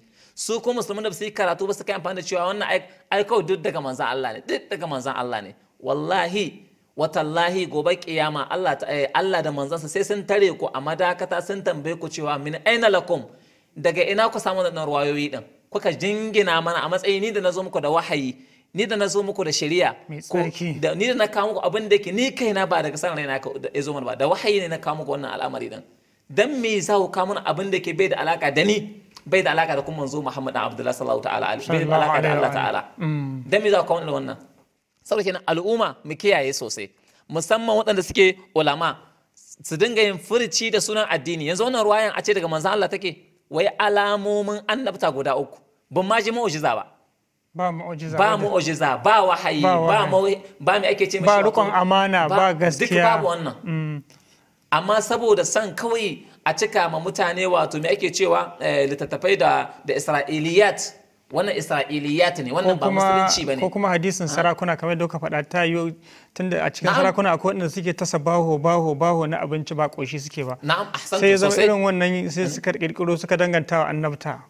su ko musulmin da su yi karatu ba su kai amfani da cewa wannan aiko duk daga manzan Allah ne duk daga manzan Allah ne wallahi watallahi gobe kiyama Allah eh, Allah da manzansa sai sun tare ku a madakata sun tambaye ku cewa min aina lakum daga ina ku samu da ruwayoyi din kuka jingina mana a matsayin ni da na zo muku da wahayi ni da na zo muku da shari'a da ni da na kawo muku abin da yake ni kaina ba daga san raina ya zo mana ba da wahayi ne na kawo muku wannan al'amari din dan me za ku kawo mana abin da ke bai da alaka da ni bai da alaka da kuma manzo Muhammad dan Abdullahi sallallahu ta'ala alaihi bai da alaka da Allah ta'ala mm. dan me za ku kawo mana wannan saboda kenan al'umma mu kiyaye sosai musamman waɗanda suke ulama su dinga yin furici da sunan addini yanzu wannan ruwayan a ce daga manzon Allah take wai alamomin annabta guda uku ban ma ji mu'jiza ba ba mu'ujiza ba mu'ujiza ba wahayi ba ba mai ake ce mishi ba rukun amana ba gaskiya duk babu wannan mm. amma saboda san kawai a cika ma mutane wato mai ake cewa eh, littattafai da da isra'iliyat wannan isra'iliyat ne wannan ba musulunci bane ko kuma hadisin ah. sarakuna kamar da ka faɗa ta yi tunda a cikin sarakuna akwai wanda suke tasa baho baho baho na abinci ba koshi suke ba na'am sai zama irin wannan sai mm. suka kirkiro suka danganta wa annabta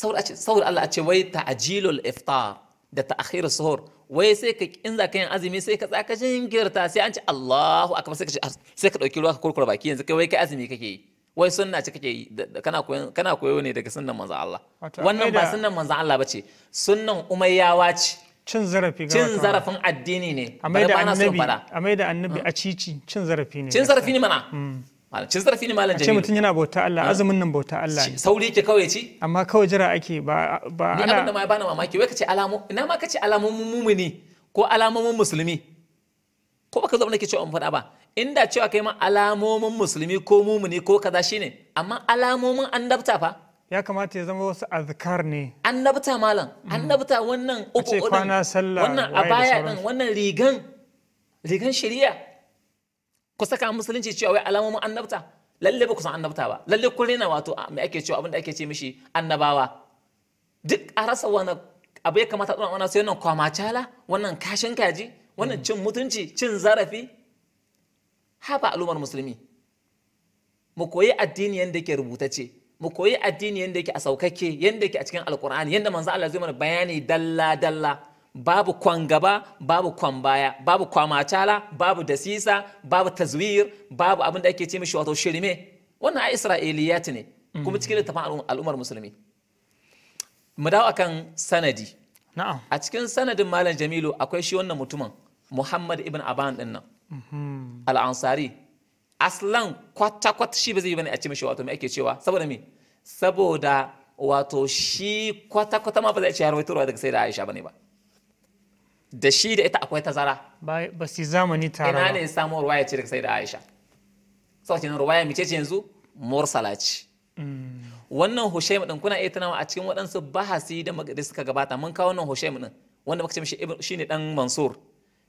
saboda Allah a ce wai ta'jilul iftar da ta'khirus suhur wai sai ka in za ka yin azumi sai ka tsaka jinkirta sai an ce Allahu akbar sai ka ce sai ka dauki ruwa ka kurkura baki yanzu kai wai kai azumi kake yi wai sunna ce kake yi kana koyo kana koyo ne daga sunnan manzon Allah wannan ba sunnan manzon Allah bace sunnan umayyawa ce cin zarafi ga cin zarafin addini ne a mai da annabi hmm. a cici cin zarafi ne cin zarafi ne mana cin zarafi ne malam jami'u ce mutum yana bauta Allah azumin nan bauta Allah ne sauri yake kawai ci amma kawai jira ake ba ba ana abin da ma bani mamaki wai kace alamu ina ma kace alamomin mumuni ko alamomin musulmi ko baka zauna ke cewa in faɗa ba inda cewa kai ma alamomin musulmi ko mumuni ko kaza shine amma alamomin annabta fa ya kamata ya zama wasu azkar ne annabta malam mm. annabta wannan uku wannan a baya din wannan rigan rigan shari'a ku saka musulunci cewa wai alamomin annabta lalle ba ku san annabta ba lalle ku rena wato me ake cewa abin da ake ce mishi annabawa duk a rasa wani abu ya kamata a wani sai wannan kwamacala wannan kashin kaji wannan cin mutunci cin zarafi haba al'ummar musulmi mu koyi addini yadda yake rubutace mu koyi addini yadda yake a saukake yadda yake a cikin alkur'ani yadda manzo Allah zai mana bayani dalla dalla babu kwan gaba babu kwan baya babu kwamatala, babu dasisa babu tazwir babu abin da ake ce mishi wato shirme wannan a isra'iliyat ne mm. kuma cikin littafin al'ummar musulmi mu dawo akan sanadi a cikin sanadin malam jamilu akwai shi wannan mutumin muhammad ibn aban din nan mm-hmm. al'ansari aslan kwata-kwata shi ba zai yi bane a ce mishi wato me ake cewa saboda me saboda wato shi kwata-kwata ma ba zai ce harwaitarwa daga sai da aisha bane ba da shi da ita akwai tazara ba su zamani tare ina ne samu ruwaya ce daga sai da aisha sauci na ruwaya mice ce yanzu mursala ce mm. wannan hushaimu din kuna iya tunawa a cikin waɗansu bahasi da suka gabata mun kawo wannan hushaimu din wanda muka ce mishi ne ɗan mansur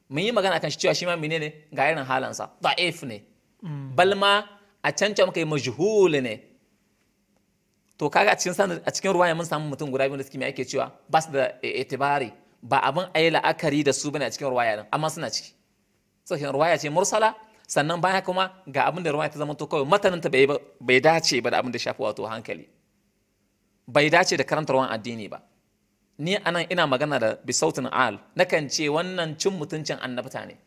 mun yi magana kan shi cewa shi ma menene ga irin halansa da'if ne mm. balma a can can muka yi majhul ne to kaga a cikin a cikin ruwaya mun samu mutum guda biyu da suke mai ake cewa ba su da itibari ba abin a yi la'akari da su bane a cikin ruwaya din amma suna ciki tsohon ruwaya ce mursala sannan baya kuma ga abin da ruwaya ta zama to kawai matanin ta bai dace ba da abin da shafi wato hankali bai dace da ruwan addini ba ni anan ina magana da bisautin al nakan ce wannan cin mutuncin annabta ne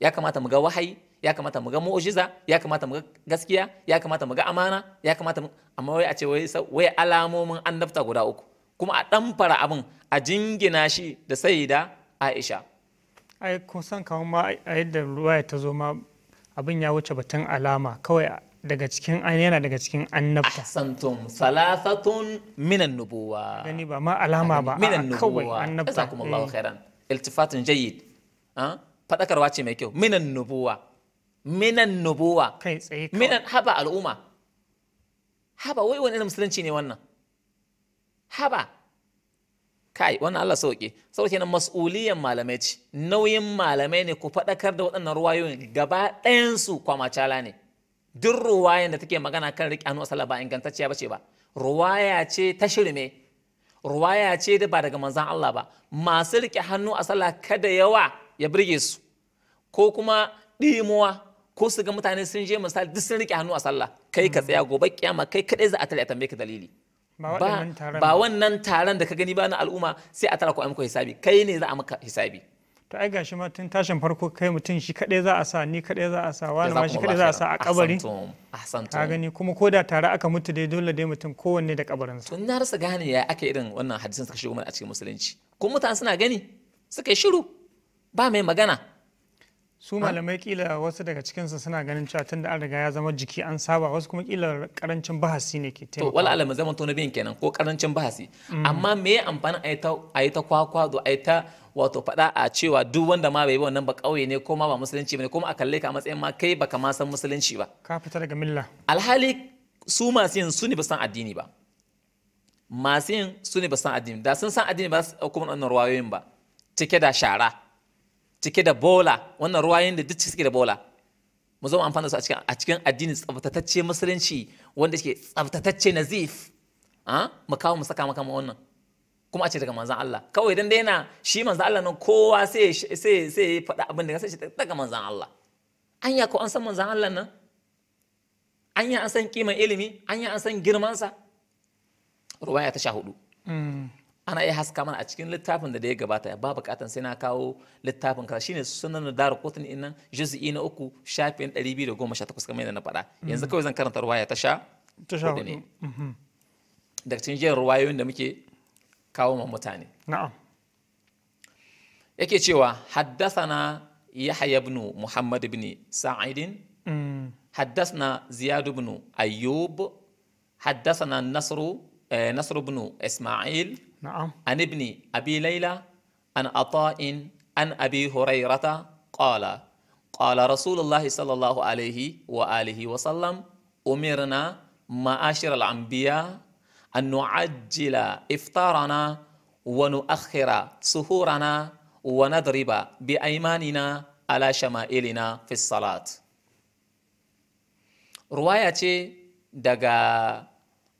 ya kamata mu ga wahayi ya kamata mu ga mu'jiza ya kamata mu ga gaskiya ya kamata mu ga amana ya kamata amma wai a ce wai alamomin annabta guda uku kuma a ɗanfara abin a jingina shi da sai da aisha ai kusan kawo ma a yadda ruwaya ta zo ma abin ya wuce batun alama kawai daga cikin yana daga cikin annabta ahsantum salasatun minan nubuwa gani ba ma alama ba minan nubuwa annabta jazakumullahu eh. khairan iltifatun jayyid ah, fadakarwa ce mai kyau minan nubuwa minan nubuwa kai tsaye minan haba al'umma haba wai wani irin musulunci ne wannan haba kai wannan Allah sauke sauke kenan mas'uliyan malamai ce nauyin malamai ne ku faɗakar da waɗannan ruwayoyin gaba ɗayansu kwamacala ne duk ruwayan da take magana kan riƙe hannu sallah ba ingantacciya ba ce ba ruwaya ce ta shirme ruwaya ce da ba daga manzan Allah ba masu riƙe hannu a sallah kada yawa ya birge su ko kuma ɗimuwa ko su ga mutane sun je misali duk sun riƙe hannu a sallah kai ka tsaya gobe kiyama kai kaɗai za a tare a tambaye ka dalili ba wannan taron da ka gani ba na al'umma sai a tara ku amko hisabi kai ne za a maka hisabi to ai gashi ma tun tashin farko kai mutum shi kadai za a sa ni kadai za a sa wani ma shi kadai za a sa a kabari ka gani kuma ko da tare aka mutu dai dole dai mutum kowanne da kabarinsa tun na rasa gane ya ake irin wannan hadisin suka shigo mana a cikin musulunci kuma mutane suna gani suka yi shiru ba mai magana su malamai kila wasu daga cikinsu suna ganin cewa tun da an riga ya zama jiki an saba wasu kuma kila karancin bahasi ne ke taimakawa. to wala alama zaman to bin biyan kenan ko karancin bahasi mm. amma me ya amfani a yi ta kwakwa a yi ta wato faɗa a cewa duk wanda ma bai yi wannan ba ƙauye ne ko ma ba musulunci ne ko ma a kalle ka matsayin ma kai baka ma san musulunci ba ka fita daga milla alhali su masu yin su ne ba san addini ba masu yin su ne ba san addini da sun san addini ba su ɗauko wannan ruwayoyin ba cike da shara cike da bola wannan ruwayoyin da duk cike da bola mu zama amfani da su a cikin addini tsabtatacce musulunci wanda ke tsaftatacce nazif ah, mu kawo mu saka maka wannan kuma a ce daga manzan Allah kawai idan dai yana shi manzan Allah nan kowa sai sai sai ya faɗa abin da ya sace daga manzan Allah anya ko an san manzan Allah nan anya an san kiman ilimi anya an san girmansa ruwaya ta sha hudu hmm. ana iya haska mana a cikin littafin da ya gabata ba bukatan sai na kawo littafin kasa shine sunan daru kotun innan juz'i na uku shafin 218 kamar yadda na faɗa yanzu kawai zan karanta ruwaya ta sha ta sha ne mhm. daga cikin jiyar ruwayoyin da muke kawo ma mutane na'am yake cewa haddathana yahya ibn muhammad ibn sa'id mm. na ziyad ibn ayyub haddathana nasru نصر بن إسماعيل نعم عن ابن أبي ليلى عن عطاء عن أبي هريرة قال قال رسول الله صلى الله عليه وآله وسلم أمرنا معاشر الأنبياء أن نعجل إفطارنا ونؤخر سهورنا ونضرب بأيماننا على شمائلنا في الصلاة رواية دقا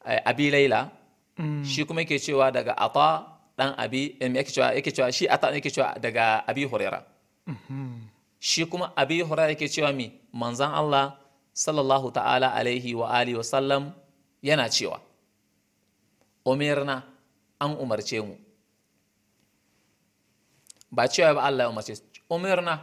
آه، أبي ليلى shi mm. kuma yake cewa daga ata dan abi eh, yake cewa yake cewa shi ata yake cewa daga abi hurera mm-hmm. shi kuma abi hurera yake cewa mi manzan Allah sallallahu ta'ala alaihi wa alihi wa sallam yana cewa umirna an umarce mu ba cewa ba Allah ya umarce umirna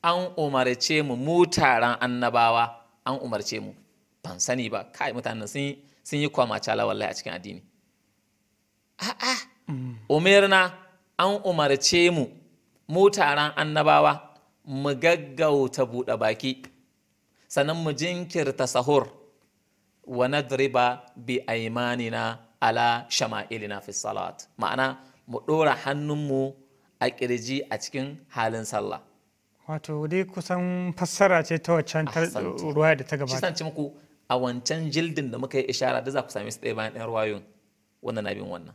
an umarce mu mu annabawa an umarce mu ban sani ba kai mutanen sun sun yi kwamacala wallahi a cikin addini a'a mm. umirna an umarce mu mu taron annabawa mu gaggauta buɗe baki sannan mu jinkirta sahur wa nadriba bi aimanina ala shama'ilina fi salat ma'ana mu ɗora hannunmu a ƙirji a cikin halin sallah wato dai kusan fassara ce ta waccan ruwa da ta gabata a wancan jildin da muka yi ishara da za ku same su ɗaya bayan ɗaya ruwayoyin wannan na bin wannan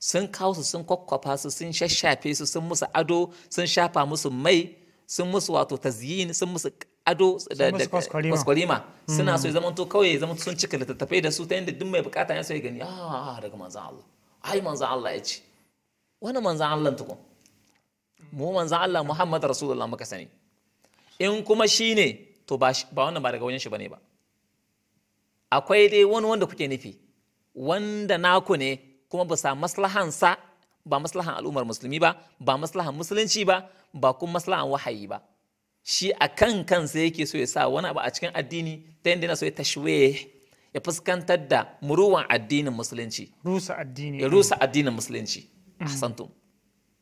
sun kawo su sun kwakwafa su sun shashafe su sun musu ado sun shafa musu mai sun musu wato tazyin sun musu ado da kwaskwarima suna hmm. so ya zama to kawai zama sun cika littattafai da su ta yadda duk mai bukata ya sai ya gani ah daga manzan Allah ai manzan Allah ya ce wani manzan Allah tukun mu manzan Allah Muhammad Rasulullah muka sani in kuma shine to ba wannan ba daga wajen shi bane ba akwai dai wani wanda kuke nufi wanda naku ne kuma bisa maslahansa ba maslahan al'ummar musulmi ba ba maslahan musulunci ba ba kuma maslahan wahayi ba shi a kan kansa yake so ya sa wani abu a cikin addini ta yadda yana so ya tashwe ya fuskantar da muruwan addinin musulunci rusa addini ya rusa addinin musulunci ahsantum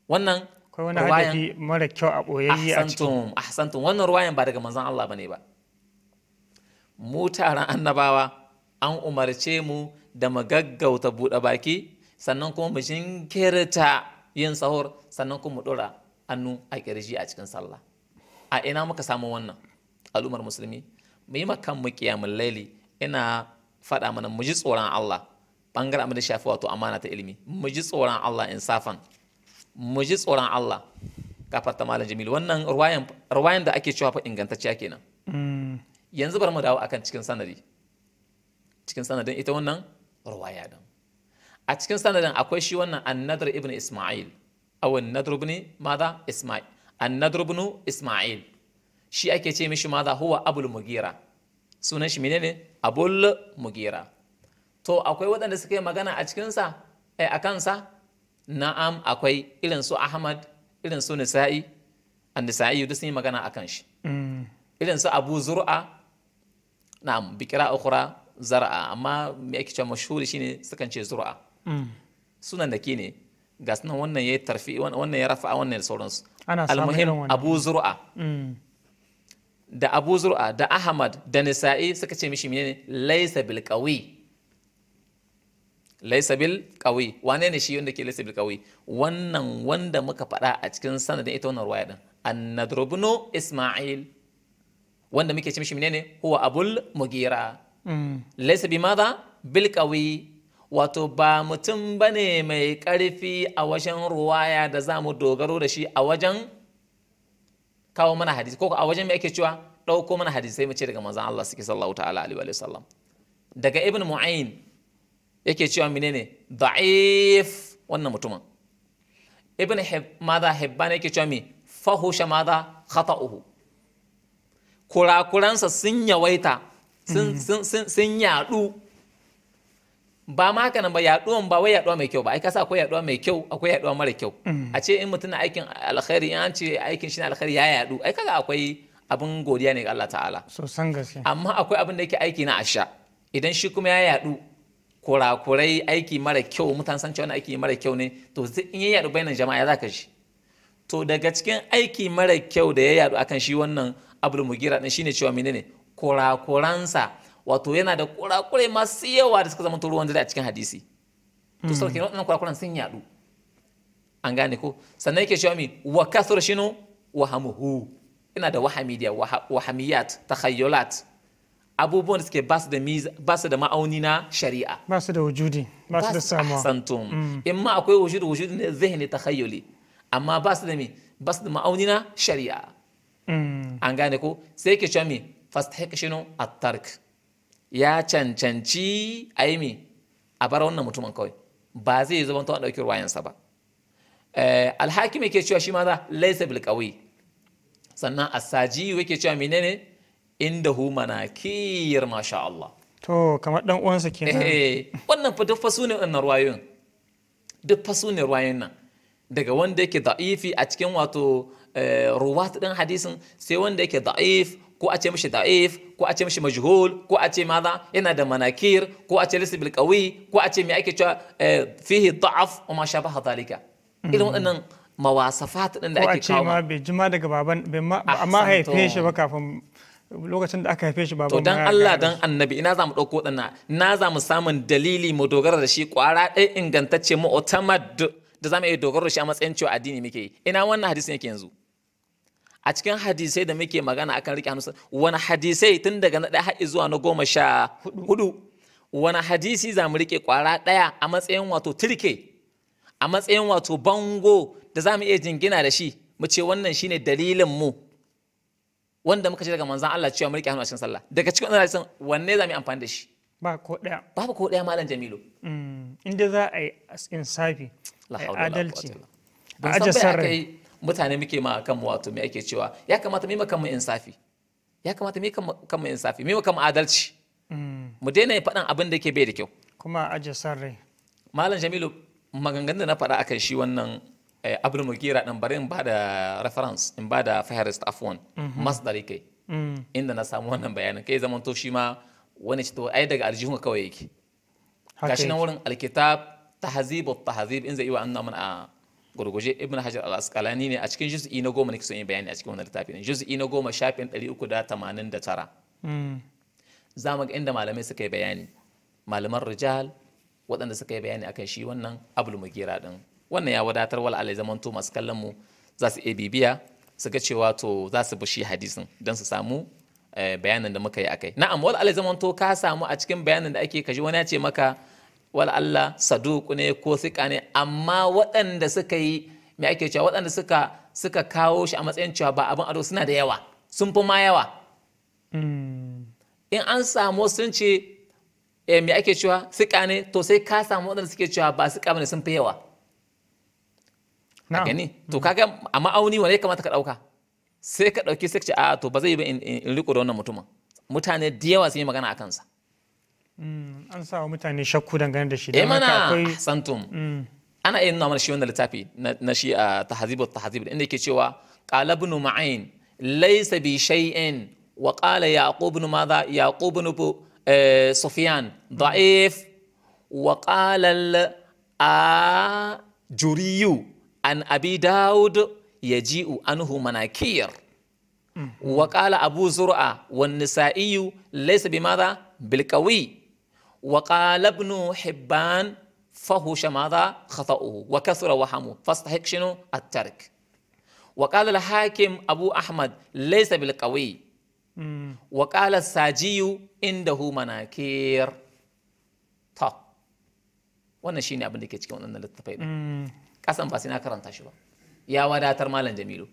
wannan akwai wani mara kyau a boyayye a cikin ahsantum wannan ruwayan ba daga manzon Allah bane ba mu taron annabawa an umarce mu da mu gaggauta buɗe baki sannan kuma mu jinkirta yin sahur sannan kuma mu ɗora hannu a ƙirji a cikin sallah a ina muka samu wannan al'ummar musulmi mu yi makan mu kiyamun laili ina faɗa mana mu ji tsoron Allah bangare abin da shafi wato amana ta ilimi mu ji tsoron Allah insafan mu ji tsoron Allah kafar ta malam Jamilu wannan ruwayan da ake cewa fa ingantacciya kenan mm. yanzu bar mu dawo akan cikin sanadi cikin sanadin ita wannan ruwaya din a cikin sanadin akwai shi wannan annadar ibn isma'il aw annadar ibn madha isma'il annadar ibn isma'il shi ake ce mishi madha huwa abul mugira sunan shi menene abul mugira to akwai waɗanda suka yi magana a cikinsa ai eh, a kansa na'am akwai irin su ahmad irin su nisa'i annisa'i nisa'i duk sun yi magana a kan shi mm. irin su abu zur'a na'am bi qira'a ukhra zar'a amma me ake cewa mashhuri shine sukan ce zur'a sunan da ke ne ga sunan wannan ya tarfi wannan ya rafa'a wannan da sauransu almuhim abu zur'a da abu zur'a da ahmad da nisa'i suka ce mishi menene laysa bil qawi laysa bil qawi wane ne shi wanda ke laysa bil qawi wannan wanda muka faɗa a cikin sanadin ita wannan ruwaya din annadrubnu isma'il wanda muke ce mishi menene huwa abul mugira mm. laysa bi madha bil qawi wato ba mutum bane mai karfi a wajen ruwaya da za mu dogaro da shi a wajen kawo mana hadisi ko a wajen mai ake cewa ɗauko mana hadisai mu ce daga manzon Allah suke sallallahu ta'ala alaihi wa sallam daga ibn mu'ayin yake cewa menene da'if wannan mutumin ibn madha hibban yake cewa mi fahusha madha khata'uhu kurakuransa sun yawaita mm. sun yaɗu ba ma haka nan ba yaɗuwan ba wai yaɗuwa mai kyau ba ai kasa akwai yaɗuwa mai kyau akwai yaɗuwa mara kyau mm. a ce in mutum na aikin alkhairi an ce aikin shi na alkhairi ya yaɗu ai kaga akwai abin godiya ne ga Allah ta'ala sosan gaske amma akwai abin da yake aiki na asha idan shi kuma ya yaɗu kurakurai aiki mara kyau mutane san cewa aiki mara kyau ne to in ya yaɗu bainan jama'a ya ka shi to daga cikin aiki mara kyau da ya yaɗu akan shi wannan abu da mugira ɗin shine cewa menene kurakuransa wato yana da kurakurai masu yawa da suka zama ruwan dare a cikin hadisi to sarki waɗannan kurakuran sun yadu an gane ko sannan yake cewa mi wa kathur shino wahamuhu yana da wahami da wahamiyat takhayyulat abubuwan da suke ba su da ma'auni na shari'a ba su da wujudi ba su da samuwa santum mm. in ma akwai wujudi wujudi ne zihni takhayyuli amma ba su da mi ba su da ma'auni na shari'a Mm. an gane ko sai ke cewa me fastahqishinu at-tark ya cancanci a yi mi a bar wannan mutumin kawai ba zai zama ta ɗauki ruwayensa ba eh, mai ke cewa shi ma za laysa bil qawi sannan asaji yake cewa menene mana kiyar masha Allah to kamar dan uwansa ke eh, eh wannan fa duk fasu ne wannan ruwayoyin duk fasu ne ruwayoyin nan daga wanda yake da'ifi a cikin wato Eh, ruwat din hadisin sai wanda yake da'if ko a ce mishi da'if ko a ce mishi majhul ko a ce maza yana da manakir ko a ce lisbil qawi ko a ce mai ake cewa eh, fihi da'af wa ma shabaha dhalika irin hmm. wannan mawasafat din da ake kawo ko a ce ma bai jima daga baban amma haife shi ba kafin lokacin da aka haife shi baban to dan Allah dan annabi ina za mu dauko dana na za mu samun dalili mu dogara da shi kwara dai ingantacce mu otamad da za mu iya dogaro shi a matsayin cewa addini muke yi ina wannan hadisin yake yanzu a cikin hadisai da muke magana akan rike hannu, wani hadisai tun daga na ɗaya har zuwa na goma sha hudu wani hadisi za mu rike kwara ɗaya a matsayin wato turke a matsayin wato bango da za mu iya jingina da shi mu ce wannan shine dalilin mu wanda muka ce daga manzan Allah cewa mu rike hannu a cikin sallah daga cikin wannan hadisin wanne za mu yi amfani da shi ba ko ɗaya babu ko ɗaya malam Jamilu mm, inda za a yi insafi adalci a san mutane muke ma kan mu wato me ake cewa ya kamata mai kan mu insafi ya kamata mai kan mu insafi mu kan mu adalci hmm. mu daina faɗan abin da ke bai da kyau kuma aje san rai malam jamilu maganganun da na faɗa akan shi wannan eh, abin mugira din bari in ba da reference in ba da fairest afwan mhm. masdari kai hmm. inda na samu wannan bayanin kai zaman to shi ma wani ci to ai daga aljihun kawai yake gashi nan wurin alkitab tahzibut tahzib in zai yi wa annaman a ah, gurguje ibn hajar al-asqalani ne a cikin juz'i na goma nake son yin bayani a cikin wannan littafin juz'i na goma shafin da 389 hmm. za mu ga inda malamai suka yi bayani malaman rijal waɗanda suka yi bayani akan shi wannan abul mugira din wannan ya wadatar wal alai zaman to masu kallon mu za su iya bibiya su ga cewa to za su bi shi hadisin don su samu eh, bayanin da muka yi akai na'am wal alai zaman to ka samu a cikin bayanin da ake kaji wani ya ce maka wal Allah saduku ne ko sika ne amma waɗanda suka yi me ake cewa waɗanda suka suka kawo shi a matsayin cewa ba abin ado suna da yawa sun fi ma yawa in an samu sun ce eh, me ake cewa sika ne to sai ka samu waɗanda suke cewa ba sika bane sun fi yawa gani to kaga a ma'auni wane kamata ka ɗauka sai ka ɗauki sai ka ce a to ba zai yi ba in riko da wannan mutumin mutane da yawa sun yi magana a kansa an sa wa mutane shakku dangane da shi da mana santum ana iya nuna mana shi wannan littafi na shi a tahazib tahazib inda yake cewa qala ibn ma'in laysa bi shay'in wa qala yaqub ibn madha yaqub ibn sufyan da'if wa qala al juriyu an abi daud yaji'u anhu manakir وقال أبو زرعة والنسائي ليس بماذا بالقوي وقال ابن حبان فهش ماذا خطأه وكثر وهمه فاستحق شنو الترك وقال الحاكم أبو أحمد ليس بالقوي وقال الساجي عنده مناكير wannan shine abin da ke cikin wannan littafai din kasan ba sai na karanta shi ba ya wadatar malam jamilu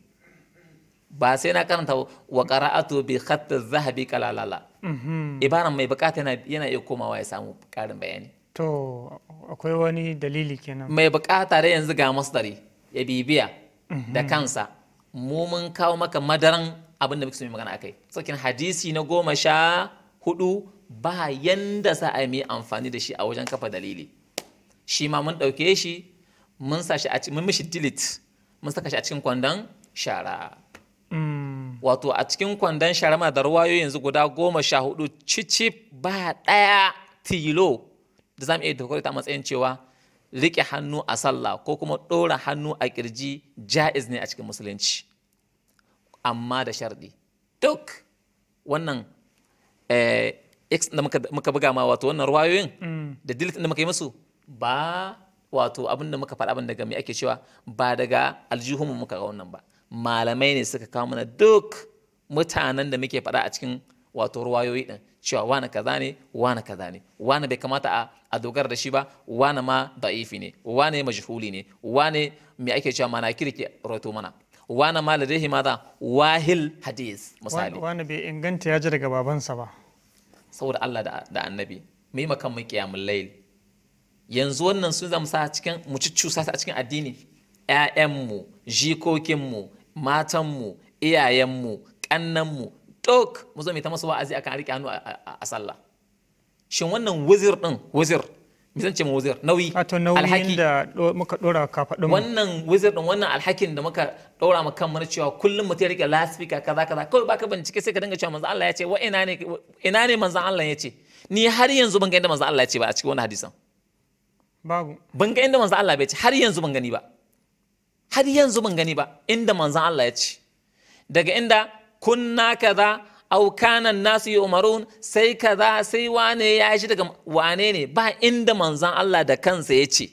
ba sai na karanta wa qara'atu bi khatt zahabi kalalala Mm-hmm. ibaran mai bukata yana iya komawa ya samu karin bayani to akwai wani dalili kenan mai bukata da yanzu ga masdari ya bibiya da mm-hmm. kansa mu mun kawo maka madaran abin da muke so magana akai tsakin hadisi na goma sha hudu ba yanda za a yi amfani da shi a wajen kafa dalili shi ma mun ɗauke shi mun sa shi a mun mishi delete mun saka shi a cikin kwandon shara mm. wato a cikin kwandon sharama da ruwayo yanzu guda goma sha hudu cici ba ɗaya tilo da za mu iya dokar ta matsayin cewa riƙe hannu a sallah ko kuma ɗora hannu a ƙirji ja'iz ne a cikin musulunci amma da sharɗi duk wannan eh, x da muka buga ma wato wannan ruwayoyin mm. da dilit da muka yi musu ba wato abin da muka faɗa abin daga ake cewa ba daga aljihunmu muka ga wannan ba malamai ne suka kawo mana duk mutanen da muke faɗa a cikin wato ruwayoyi ɗin cewa wani kaza ne wani kaza ne wani bai kamata a a dogara da shi ba wani ma da'ifi ne wani majhuli ne wani me ake cewa mana kirki roto mana wani ma ladaihi ma za wahil hadis misali wani bai inganta ya ji daga babansa ba saboda Allah da annabi mai makan mai kiyamul layl yanzu wannan sun sa cikin mu cusa a cikin addini ƴaƴanmu jikokinmu matanmu iyayenmu kannanmu tok. mu zo mai ta masu wa'azi akan rike hannu a sallah shin wannan wuzir din wuzir me zan ce wuzir nauyi alhaki da muka dora kafadun wannan wuzir din wannan alhakin da muka dora mu kan mana cewa kullum mutum ya rike lasfika kaza kaza kawai baka bincike sai ka dinga cewa manzo Allah ya ce wa ina ne ina ne manzo Allah ya ce ni har yanzu ban ga inda manzo Allah ya ce ba a cikin wannan hadisan babu ban ga inda manzo Allah bai ce har yanzu ban gani ba har yanzu ban gani ba inda manzan Allah ya ce daga inda kunna kaza aukanan nasu yi umarun sai kaza sai wane ya shi daga wane ne ba inda manzan Allah da kansa ya ce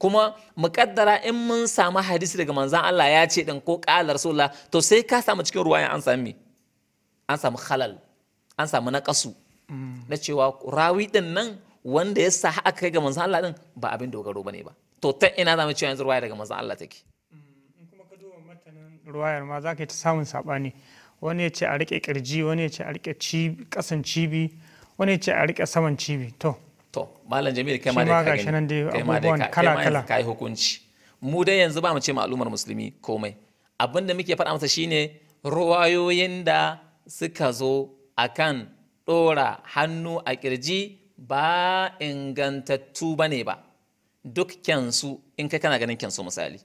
kuma muƙaddara in mun samu hadisi daga manzan Allah ya ce din ko ƙalar sola to sai ka samu cikin ruwa an sami an samu halal an samu naƙasu mm. na cewa rawi din nan wanda ya sa aka kai ga manzan Allah din ba abin dogaro ne ba to ta ina zamu cewa yanzu ruwaya daga maza Allah take in kuma ka duba martanin ruwayar ma zaka ta samun saɓani wani ya ce a riƙe ƙirji wani ya ce a riƙe ƙasan cibi wani ya ce a riƙe saman cibi to to malam jamil kai ma dai ka gani kai ma dai kala kala kai hukunci mu dai yanzu ba mu ce ma'alumar musulmi komai abin da muke faɗa masa shine ruwayoyin da suka zo akan ɗora hannu a ƙirji ba ingantattu bane ba duk kyansu in kai kana ganin kyansu misali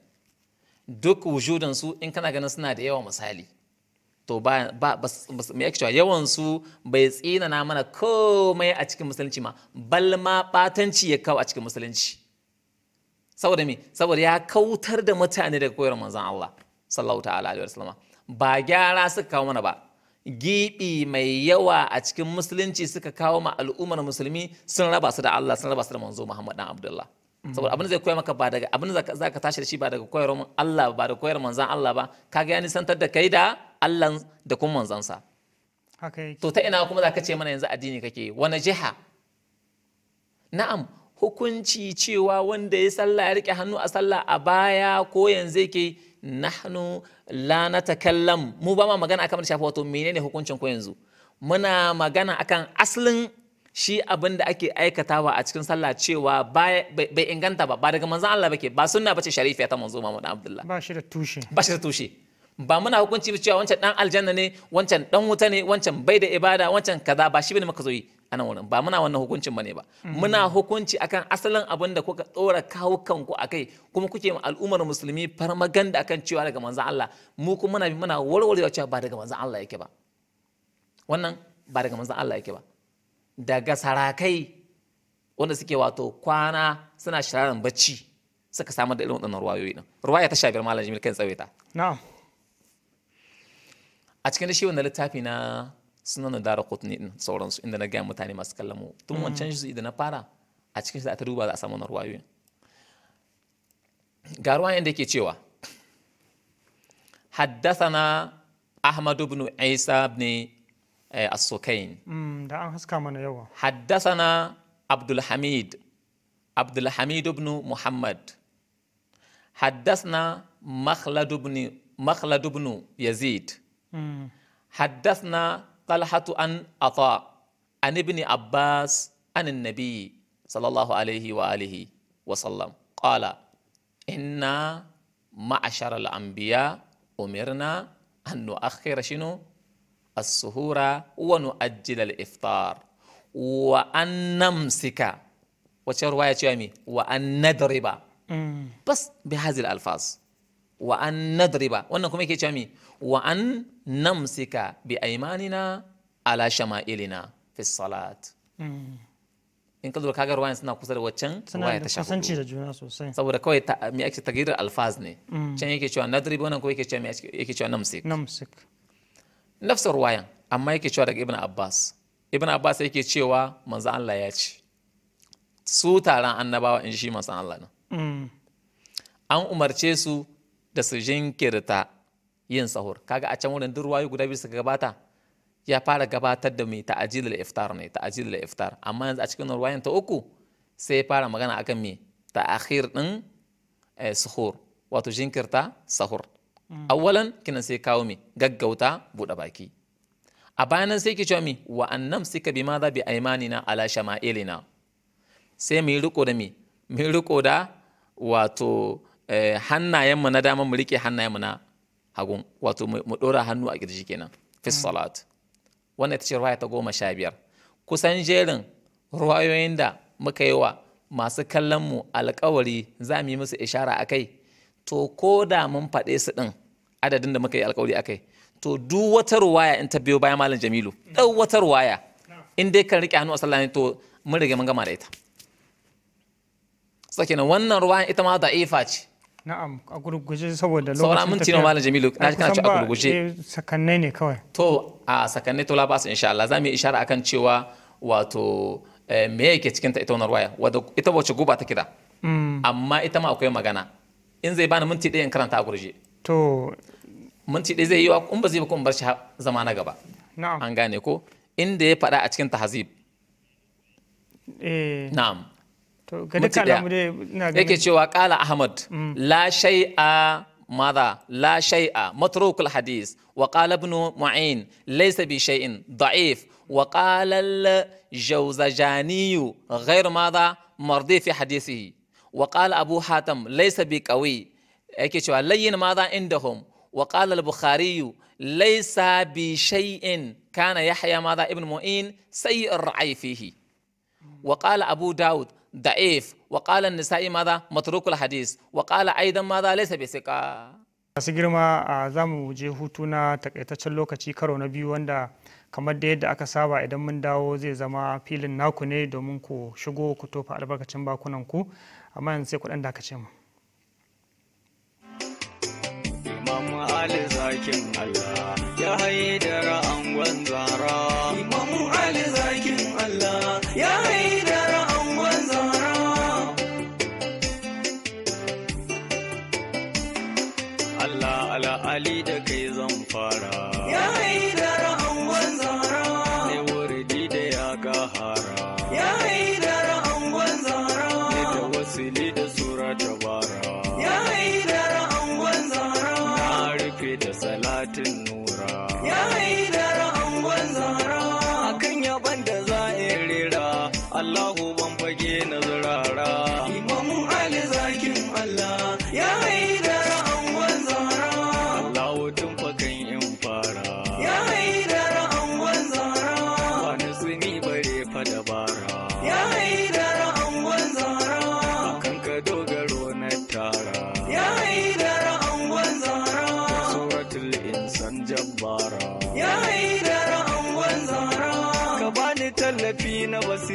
duk wujudansu in kana ganin suna da yawa misali to ba ba mai ake cewa yawansu bai tsinana mana komai a cikin musulunci ma bal ma batanci ya kawo a cikin musulunci saboda me saboda ya kautar da mutane daga koyar manzon Allah sallallahu ta'ala alaihi wasallama ba gyara suka kawo mana ba gibi mai yawa a cikin musulunci suka kawo ma al'ummar musulmi sun raba su da Allah sun raba su da manzo Muhammad dan Abdullah saboda abin zai koya maka ba daga abin za ka tashi da shi ba daga koyarwar Allah ba da koyar manzan Allah ba Ka kaga ya nisantar da kai da Allah da kuma manzansa to ta ina kuma za ka ce mana yanzu addini kake wani jiha na'am hukunci cewa wanda ya sallah ya rike hannu a sallah a baya ko yanzu yake nahnu la natakallam mu ba ma magana akan shafa wato menene hukuncin ko yanzu muna magana akan aslin shi abin da ake aikatawa a cikin sallah cewa bai inganta ba ba daga manzon Allah bake ba sunna bace sharifiya ta manzo Muhammad Abdullah ba shi da tushe ba shi da tushe ba muna hukunci ba cewa wancan dan aljanna ne wancan dan wuta ne wancan bai da ibada wancan kaza ba shi bane maka zoyi a nan wurin ba muna wannan hukuncin bane ba mm. muna hukunci akan asalin abin da kuka tsora kawo kanku akai kuma kuke ma al'ummar musulmi farmaganda akan cewa daga manzon Allah mu kuma muna bi muna warwarewa cewa ba daga manzon Allah yake ba wannan ba daga manzon Allah yake ba daga sarakai wanda suke wato kwana suna shirarren bacci suka samar da irin waɗannan ruwayoyi ɗin ruwaya ta sha biyar malam jimil kan tsawaita na'am a cikin da shi wannan littafi na sunan da kotuni din sauransu inda na gaya mutane masu kallon mu tun mm. wancan shi da na fara a cikin shi da ta duba za a samu wannan ruwayoyin ga ruwayan da yake cewa حدثنا أحمد بن عيسى بن آه، السكين حدثنا عبد الحميد عبد الحميد بن محمد حدثنا مخلد بن مخلد بن يزيد حدثنا طلحة عن عطاء عن ابن عباس عن النبي صلى الله عليه وآله وسلم قال إنا معشر الأنبياء أمرنا أن نؤخر شنو السهور ونؤجل الإفطار وأن نمسك رواية يامي وأن ندرب بس بهذه الألفاظ وأن ندرب وأنكم كي يامي وأن نمسك بأيماننا على شمائلنا في الصلاة إن كذا كذا رواية سنا كسر وتشن رواية تشابه سوورة كوي تا مي أكش تغيير ألفاظ نه تشن يكي شو ندرب وأنكم مي أكش يكي نمسك نمسك nafsa ruwayan amma yake cewa daga ibn abbas ibn abbas yake cewa manzo allah ya ce su taron annabawa in shi manzo allah nan an umarce su da su jinkirta yin sahur kaga a can wurin duk ruwayo guda biyu suka gabata ya fara gabatar da mai ta'ajil iftar ne ta'ajil iftar amma yanzu a cikin ruwayan ta uku sai ya fara magana akan mai ta'akhir din eh, sahur wato jinkirta sahur Mm. awalan kinan sai kawo mi gaggauta buɗe baki a bayanan sai ki cewa mi wa annam suka bi ma za bi na ala shama'ilina sai mu yi riko da mi mu yi riko da wato eh, hannayen mu na dama mu rike mu na hagun wato mu ɗora hannu a kirji kenan fi mm. salat wannan ita ce ruwaya ta goma sha biyar kusan jerin ruwayoyin da muka yi wa masu kallon mu alkawari za mu yi musu ishara a kai to ko da mun faɗe su ɗin adadin da muka yi alkawari akai to duk wata ruwaya in ta biyo bayan malam jamilu ɗau wata ruwaya in dai kan riƙe hannu a sallah ne to mun rage mun gama da ita sake nan wannan ruwayan ita ma ifa ce na'am a gurguje saboda lokacin sauran mun tina malam jamilu na ji kana ci a gurguje eh, sakanne ne kawai to a sakanne to labasa insha Allah za mu yi ishara akan cewa wato eh, me yake cikin ta ita wannan ruwaya wadda ita wace guba take da mm. amma ita ma akwai magana in zai bani minti ɗaya in karanta a to minti ɗaya zai yi wa in ba zai ba kuma bar shi zama na gaba an gane ko inda ya faɗa a cikin tahazib eh. na'am to ga duka alamu dai ina ganin yake cewa qala ahmad mm. la shay'a ماذا لا شيء متروك الحديث وقال ابن معين ليس بشيء ضعيف وقال الجوزجاني غير ماذا مرضي في حديثه waƙala abu hatam laysa bi qawi yake cewa layyin ma za indahum wa qala al kana yahya ma ibn mu'in sayyi'ur ra'i fihi abu daud da'if wa qala nisai ma za hadis waƙala aidan ma za laysa bi siqa masu girma za mu je hutu na takaitaccen lokaci karo na biyu wanda kamar da yadda aka saba idan mun dawo zai zama filin naku ne domin ku shigo ku tofa albarkacin bakunan ku amma yanzu sai kuɗin da aka ce mu Imam Ali zakin Allah ya da angon zara Imam Ali zakin Allah ya da angon zara Allah ala Ali da kai zan fara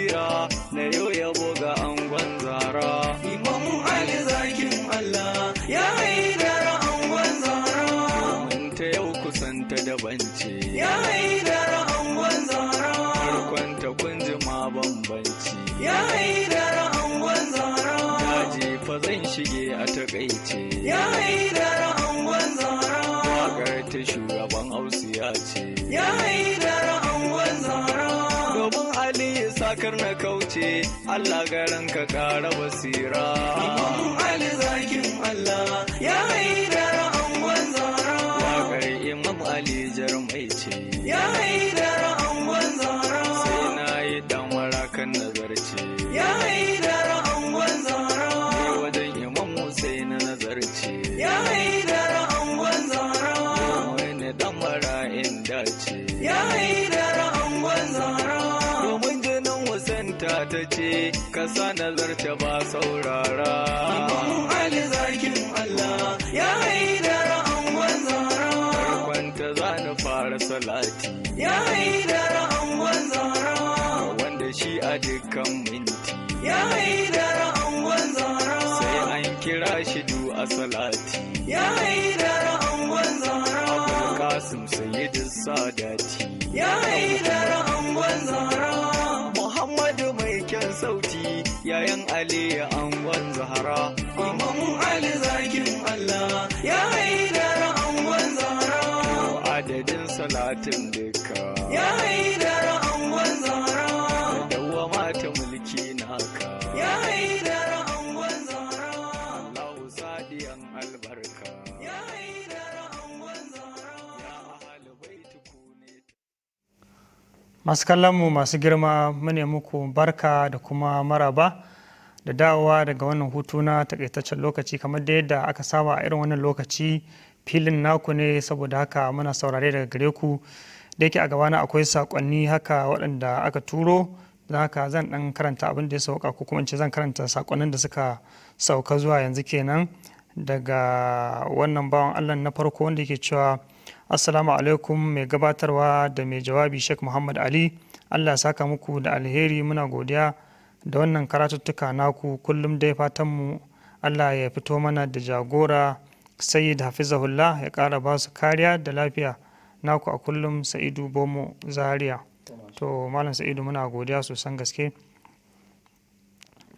tsira na yau ya buga angon zara imamu ali zakin allah ya yi dara angon zara ta yau kusanta da bance ya dara angon zara farkonta kun ji ma bambanci ya haidara Allah garan ka kara basira Ali zakin Allah ya haidara angon Ya Imam Ali jarumai ce ya ka sa ta ba saurara. Mamu Ali zakin Allah ya yi dara an wanzara. Farkonta za ni fara salati. Ya yi haidara an wanzara. Wanda shi a dukkan minti. Ya yi dara an wanzara. Sai an kira shi du a salati. Ya yi haidara an wanzara. Abul Kasim Sayyidu Sadati. Ya yi haidara ali angon zahara imamu ali zakin allah ya yi dara angon zahara adadin salatin duka ya yi dara angon zahara dawama mata mulki naka ya yi dara angon zahara allahu sadiyan albarka ya haidar angon zahara ya ahalibai tukune masu kallon mu masu girma mune muku barka da kuma maraba da dawowa daga wannan hutu na takaitaccen lokaci kamar da yadda aka saba a irin wannan lokaci filin naku ne saboda haka muna saurare daga gare ku da yake a gabana akwai sakonni haka waɗanda aka turo don haka zan ɗan karanta abin da ya sauka ko kuma in ce zan karanta sakonnin da suka sauka zuwa yanzu kenan daga wannan bawan allah na farko wanda yake cewa assalamu alaikum mai gabatarwa da mai jawabi sheikh muhammad ali allah saka muku da alheri muna godiya da wannan karatuttuka naku kullum dai fatanmu allah ya fito mana da jagora sayyid hafizahullah ya kara ba su kariya da lafiya naku a kullum sa'idu bomo zaria to malam sa'idu muna godiya sosan gaske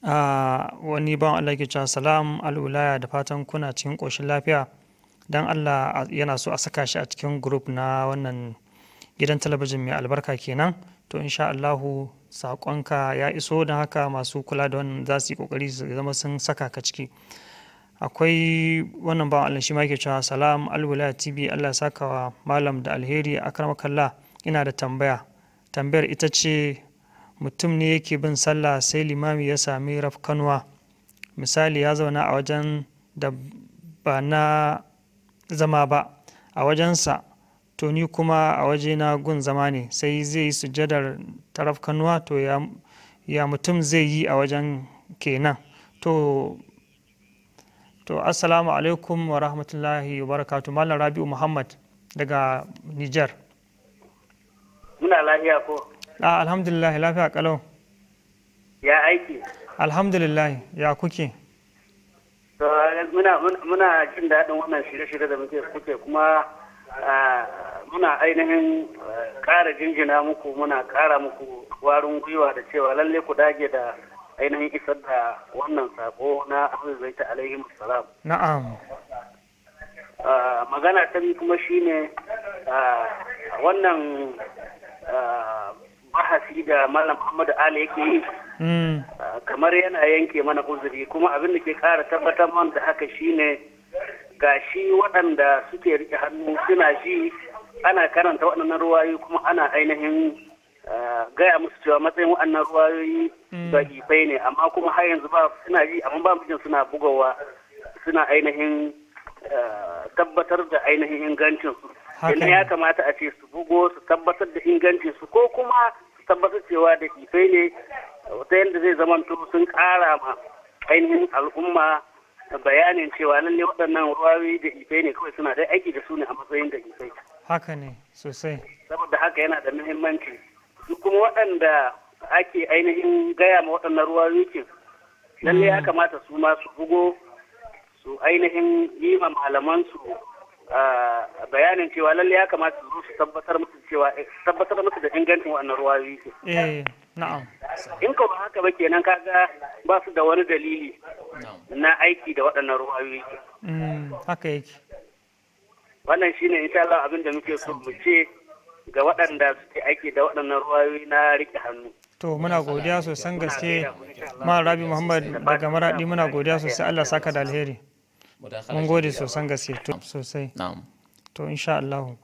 a ah, wani ban allah ke cewa salam al'ulaya da fatan kuna cikin ƙoshin lafiya don allah yana so a saka shi a cikin group na wannan gidan talabijin mai albarka kenan to insha allahu saƙonka ya iso da haka masu kula da wannan za su yi ƙoƙari su zama sun saka ka ciki akwai wannan ba Allah shi ma yake cewa salam alwala tv Allah sakawa wa malam da alheri kalla ina da tambaya tambayar ita ce mutum ne yake bin sallah sai limami ya sami rafkanwa misali ya zauna a wajen da ba na zama ba a wajensa to ni kuma a waje na gun zama ne sai zai yi sujadar tarafkanuwa to ya mutum zai yi a wajen kenan to to assalamu alaikum wa rahmatullahi wa barakatu malam rabi'u muhammad daga niger muna lafiya ko a alhamdulillah lafiya kalau ya aiki alhamdulillah ya kuke muna jin daɗin wannan shirye-shirye da muke kuke kuma muna ainihin eh, ƙara jinjina muku muna kara muku warin gwiwa da cewa lalle ku dage da ainihin isar da wannan sako na ta alaihi salam. Na'am. magana ta kuma shine wannan bahasi da Malam Muhammadu Ali yake yi hmm. kamar yana yanke mana uzuri kuma abin da ke kara tabbatar man da haka shine gashi waɗanda suke rike hannu suna ji ana karanta waɗannan ruwayoyi kuma ana ainihin eh, gaya musu cewa matsayin waɗannan ruwayoyi ba mm. ifai ne amma kuma har yanzu ba suna ji amma ba mijin suna bugawa suna ainihin eh, tabbatar da ainihin ingancin su idan ya kamata a ce su bugo su tabbatar da ingancin su ko kuma su tabbatar cewa da ifai ne ta yadda zai zamanto sun ƙara ma ainihin al'umma bayanin cewa lalle waɗannan ruwawi da ife ne kawai suna dai aiki da su ne a matsayin da ife. Haka ne sosai. Saboda haka yana da muhimmanci. kuma waɗanda ake ainihin gaya ma waɗannan ruwawi ke lalle ya mm. kamata su ma su bugo su ainihin yi ma malaman ah, bayanin cewa lalle ya kamata su zo su tabbatar cewa eh, tabbatar musu da ingancin wannan ruwayoyi eh na'am in ko ba haka ba kenan kaga ba su da wani dalili na aiki da waɗannan ruwayoyi mm, haka yake wannan shine insha Allah abin da muke so mu ce ga waɗanda suke aiki da waɗannan ruwayoyi na rike hannu to muna godiya sosan gaske ma rabi muhammad daga maradi muna godiya sosai Allah saka da alheri mun gode sosan gaske to sosai to insha Allah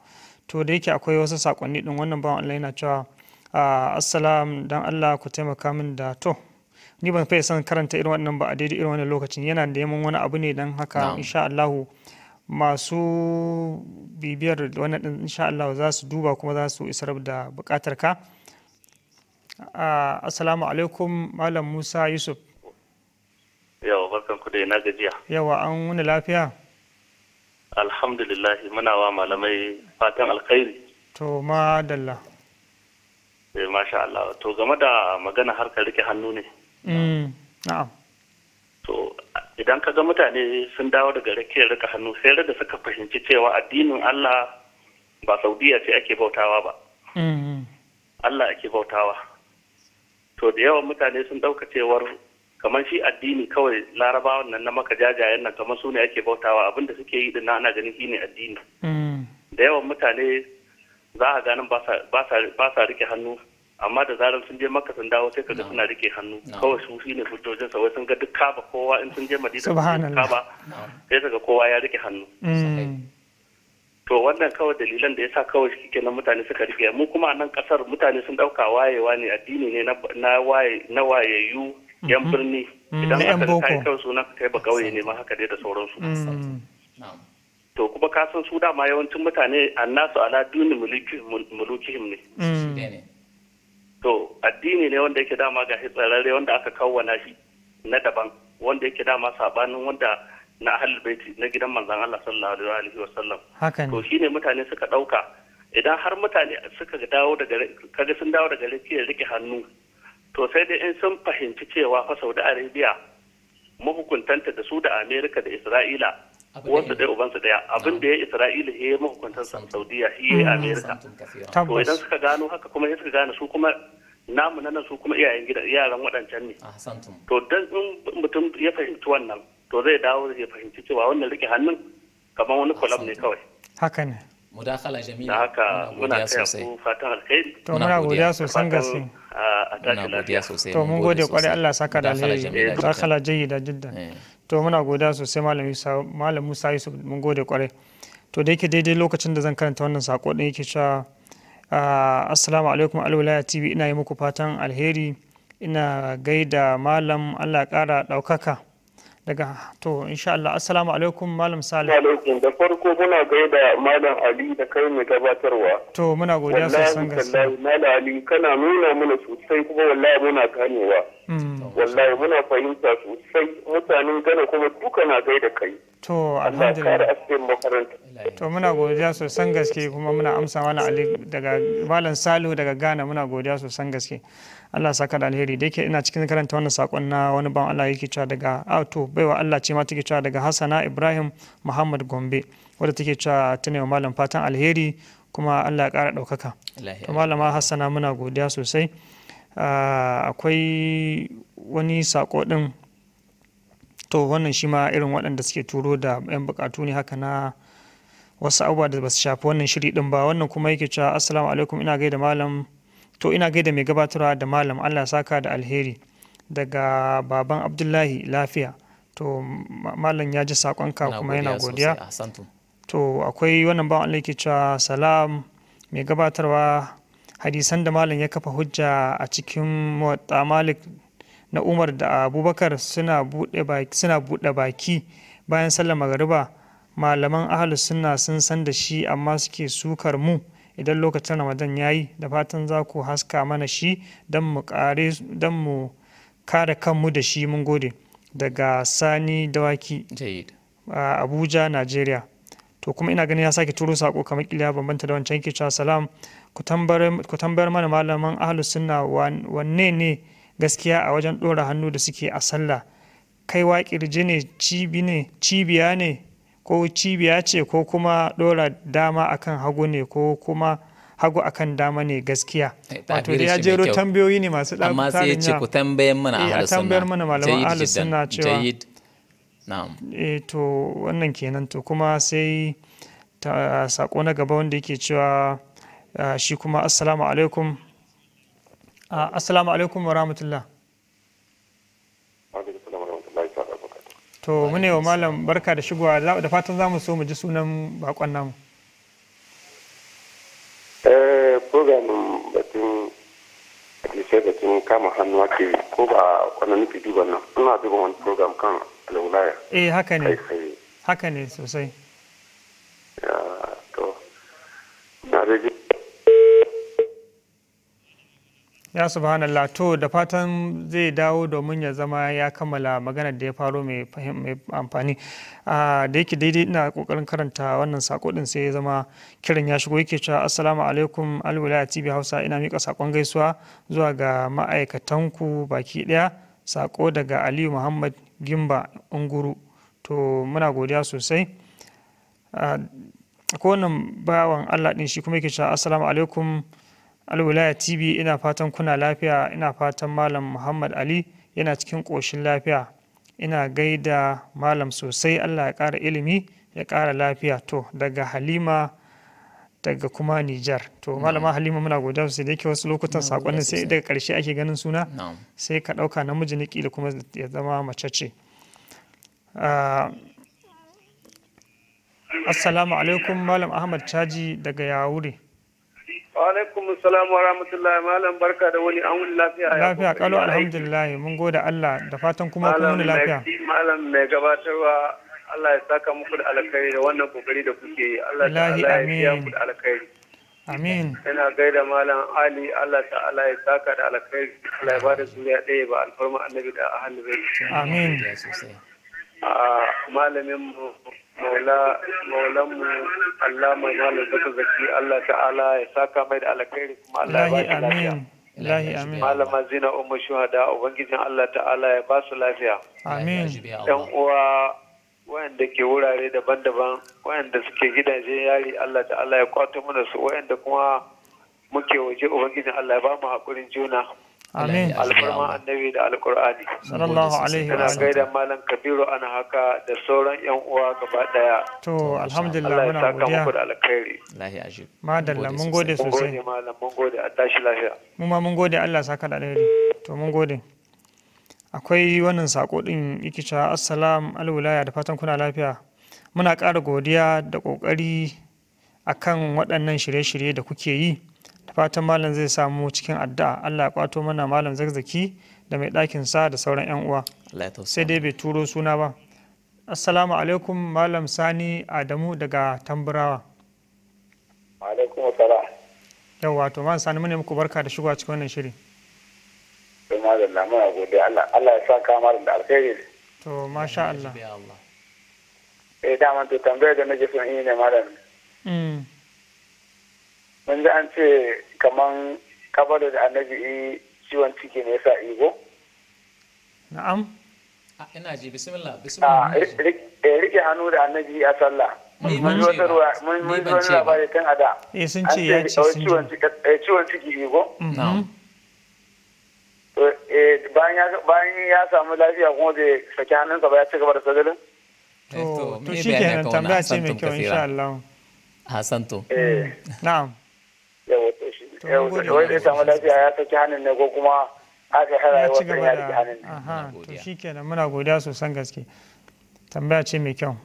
to da yake akwai wasu sakonni din wannan bawan Allah yana cewa ah, assalam dan Allah ku taimaka min da to ni ban fai san karanta irin wannan ba a daidai irin wannan lokacin yana da neman wani abu ne dan haka insha Allah masu bibiyar wannan din insha Allah za su duba kuma za su isar da bukatar ka ah, assalamu alaikum malam Musa Yusuf yawa barkan ku da na gajiya yawa an wuni lafiya alhamdulillah muna wa malamai fatan alkhairi to madalla eh masha Allah to game da magana harkar rike hannu ne mm na'am to idan ka ga mutane sun dawo daga rike rike hannu sai da suka fahimci cewa addinin Allah ba Saudiya ce ake bautawa ba mm, mm. Allah ake bautawa to da yawan mutane sun dauka cewar kamar shi addini kawai larabawan nan na maka jajayen nan kamar su ne ake bautawa abinda suke yi dinna ana ganin shine addini mm. da yawan mutane za a ganin ba sa rike hannu amma da zarar sun je maka sun dawo sai kaga suna rike hannu kawai su shine hujjojin sa wai sun ga duk kaba kowa in sun je madina kaba sai kaga kowa ya rike hannu mm. to wannan kawai dalilan da yasa kawai shi na mutane suka rike mu kuma a nan kasar mutane sun dauka wayewa ne addini ne na waye na wayayyu yan mhm. birni mm. idan aka da kayan kan suna ka kai ba kauye ne ma haka dai da sauransu mm. to kuma ka san su dama yawancin mutane annasu ala duni mulukihim mm. ne to addini ne wanda yake dama ga tsararre wanda aka kawwana shi na daban wanda yake dama sabanin wanda na ahlul baiti na gidan manzon Allah sallallahu alaihi wa sallam to shine mutane suka dauka idan har mutane suka dawo daga kaga sun dawo daga rike hannu to sai dai in sun fahimci cewa fa saudi arabia mahukuntanta da su da amerika da isra'ila wasu ɗaya ubansu ɗaya abin da ya isra'ila ya yi mahukuntan saudiya shi ya mm, amerika to idan suka gano haka kuma suka gane su kuma namu nan su kuma iyayen gida yaran waɗancan ne ah, to dan in mutum ya fahimci wannan to zai dawo ya fahimci cewa wannan rike hannun kamar wani kolam ah, ne kawai haka ne mudakala jami'a haka muna taya ku fatan alkhairi. to muna godiya sosan gaske a to mun gode kwarai Allah saka da alheri eh, dakhala jayyida jiddan eh. to muna godiya sosai malam Musa malam Musa Yusuf mun gode kwarai to da yake daidai lokacin da zan karanta wannan sako din yake cewa assalamu alaikum alwilaya tv ina yi muku fatan alheri ina gaida malam Allah kara daukaka daga to insha Allah assalamu alaikum malam salim alaikum da farko muna gaida malam ali da kai mai gabatarwa to muna godiya sosan gaske wallahi malam ali kana nuna mana sosai kuma wallahi muna ganewa hmm. wallahi muna fahimta sosai mutanen gana kuma duka na gaida kai to alhamdulillah to muna godiya sosan gaske kuma muna amsa malam ali daga malam salihu daga Ghana muna godiya sosan gaske Allah ya saka da alheri da yake ina cikin karanta wannan sakon na wani ban Allah yake cewa daga auto baiwa Allah ce ma take cewa daga Hassana Ibrahim Muhammad Gombe wadda take cewa tana wa malam fatan alheri kuma Allah ya kara ɗaukaka. To malama Hassana muna godiya sosai. Ah, akwai wani sako din to wannan shi ma irin waɗanda suke turo da 'yan bukatu ne haka na wasu abubuwa da ba su shafi wannan shiri ɗin ba wannan kuma yake cewa assalamu alaikum ina gaida malam to ina gaida mai gabatarwa da malam allah saka da alheri daga baban abdullahi lafiya to malam ya ji saƙonka kuma yana godiya to akwai wannan bawan allah cewa salam mai gabatarwa hadisan da malam ya kafa hujja a cikin muwatta malik na umar da abubakar suna buɗe baki bayan sallar magariba malaman ahalus suna sun san da shi amma suke sukar mu idan lokacin ramadan ya yi da fatan za ku haska mana shi don mu kare kanmu da shi mun gode daga sani dawaki a abuja nigeria to kuma ina ganin ya sake turo sako kamar kila bambanta da wancan ke cewa salam ku tambayar mana malaman ahalu sunna wanne ne gaskiya a wajen ɗora hannu da suke a sallah kai kirji ne cibiya ne ko cibiya ce ko kuma ɗora dama akan hagu ne ko kuma hagu akan dama ne gaskiya eh, wato da ya jero tambayoyi ne masu ɗaukar amma sai ya ce ku eh, tambayar mana ahlus a tambayar mana malaman ahlus cewa e to wannan kenan to kuma sai ta sako na gaba wanda yake cewa ah, shi kuma assalamu alaikum ah, assalamu alaikum wa rahmatullah to mune wa malam barka da shigowa da fatan za mu so mu ji sunan bakon namu eh, program batun sai batun kama hannu ake ko ba kwana nufi duba nan ina duba wani program kan alwulaya eh haka ne haka ne sosai to na rage ya subhanallah to da fatan zai dawo domin ya zama ya kammala maganar da ya faro mai amfani da yake daidai ina kokarin karanta wannan sako din sai ya zama kiran ya shigo yake cewa assalamu alaikum alwilaya tv hausa ina mika sakon gaisuwa zuwa ga ma'aikatan ku baki daya sako daga aliyu muhammad gimba unguru to muna godiya sosai ko wannan bawan allah din shi kuma yake cewa assalamu alaikum alwilaya tv ina fatan kuna lafiya ina fatan malam muhammad ali yana cikin ƙoshin lafiya ina gaida malam sosai allah ya kara ilimi ya ƙara lafiya to daga halima daga kuma nijar to malama halima muna godiya sosai da yake wasu lokutan sakonin sai daga karshe ake ganin suna sai ka ɗauka namiji ne kila kuma ya zama mace ce ah, assalamu alaikum malam ahmad caji daga yawuri alaikum salam wa rahmatullahi malam barka da wani an wuni lafiya lafiya kalo alhamdulillah mun gode Allah da fatan kuma kun wuni lafiya malam mai gabatarwa Allah ya saka muku da alkhairi da wannan kokari da kuke yi Allah ta'ala ya biya ku da alkhairi amin ina gaida malam Ali Allah ta'ala ya saka da alkhairi Allah ya bada zuriya ɗaya ba alfarma annabi da ahli bai amin ah, malamin mu maula allah mai malam zaka zaki allah ta'ala ya saka mai da alkhairi kuma allah ya ba lafiya Ilahi amin. Malama zina umma shuhada ubangijin Allah ta'ala ya ba su lafiya. Amin. Yan uwa wayanda ke wurare daban-daban wayanda suke gidaje yari Allah ta'ala ya kwato mana su wayanda kuma muke waje ubangijin Allah ya ba mu haƙurin juna. amin alfarma annabi da alkur'ani sallallahu alaihi wa sallam gaida malam kabiru an haka da sauran yan uwa gaba daya to alhamdulillah muna godiya Allah ya saka da alkhairi lahi ajib madalla mun gode sosai mun gode malam mun gode a tashi lafiya mu ma mun gode Allah saka da alheri to mun gode akwai wannan sako din ikicha cewa assalam alwilaya da fatan kuna lafiya muna ƙara godiya da ƙoƙari akan waɗannan shirye-shirye da kuke yi fatan malam zai samu cikin addu'a Allah ya kwato mana malam zakzaki da mai ɗakin sa da sauran yan uwa sai dai bai turo suna ba assalamu alaikum malam sani adamu daga tamburawa alaikum assalam yawa to malam sani mune muku barka da shigowa cikin wannan shiri Allah ya saka malam da alkhairi to masha Allah eh dama to tambayar da nake son yi ne malam mm. mun ji an ce kaman kabarin da annabi ciwon ciki ne yasa igo na'am ina ji bismillah bismillah ah, eh, rike hannu da annabi a sallah mun yi ruwa mun ji wani labari tun a da eh sun ce ya ce sun ce eh, ciwon ciki igo mm-hmm. na'am eh, bayan ya samu lafiya kuma bai saki hannunsa ba ya ci gaba da sagalin to shi kenan tambaya ce mai kyau insha Allah to. na'am yawa to shi wanda ya samu lafiya ya saki hannun ne ko kuma aka hara wata ya rike hannun ne to shikenan muna godiya sosan gaske tambaya ce mai kyau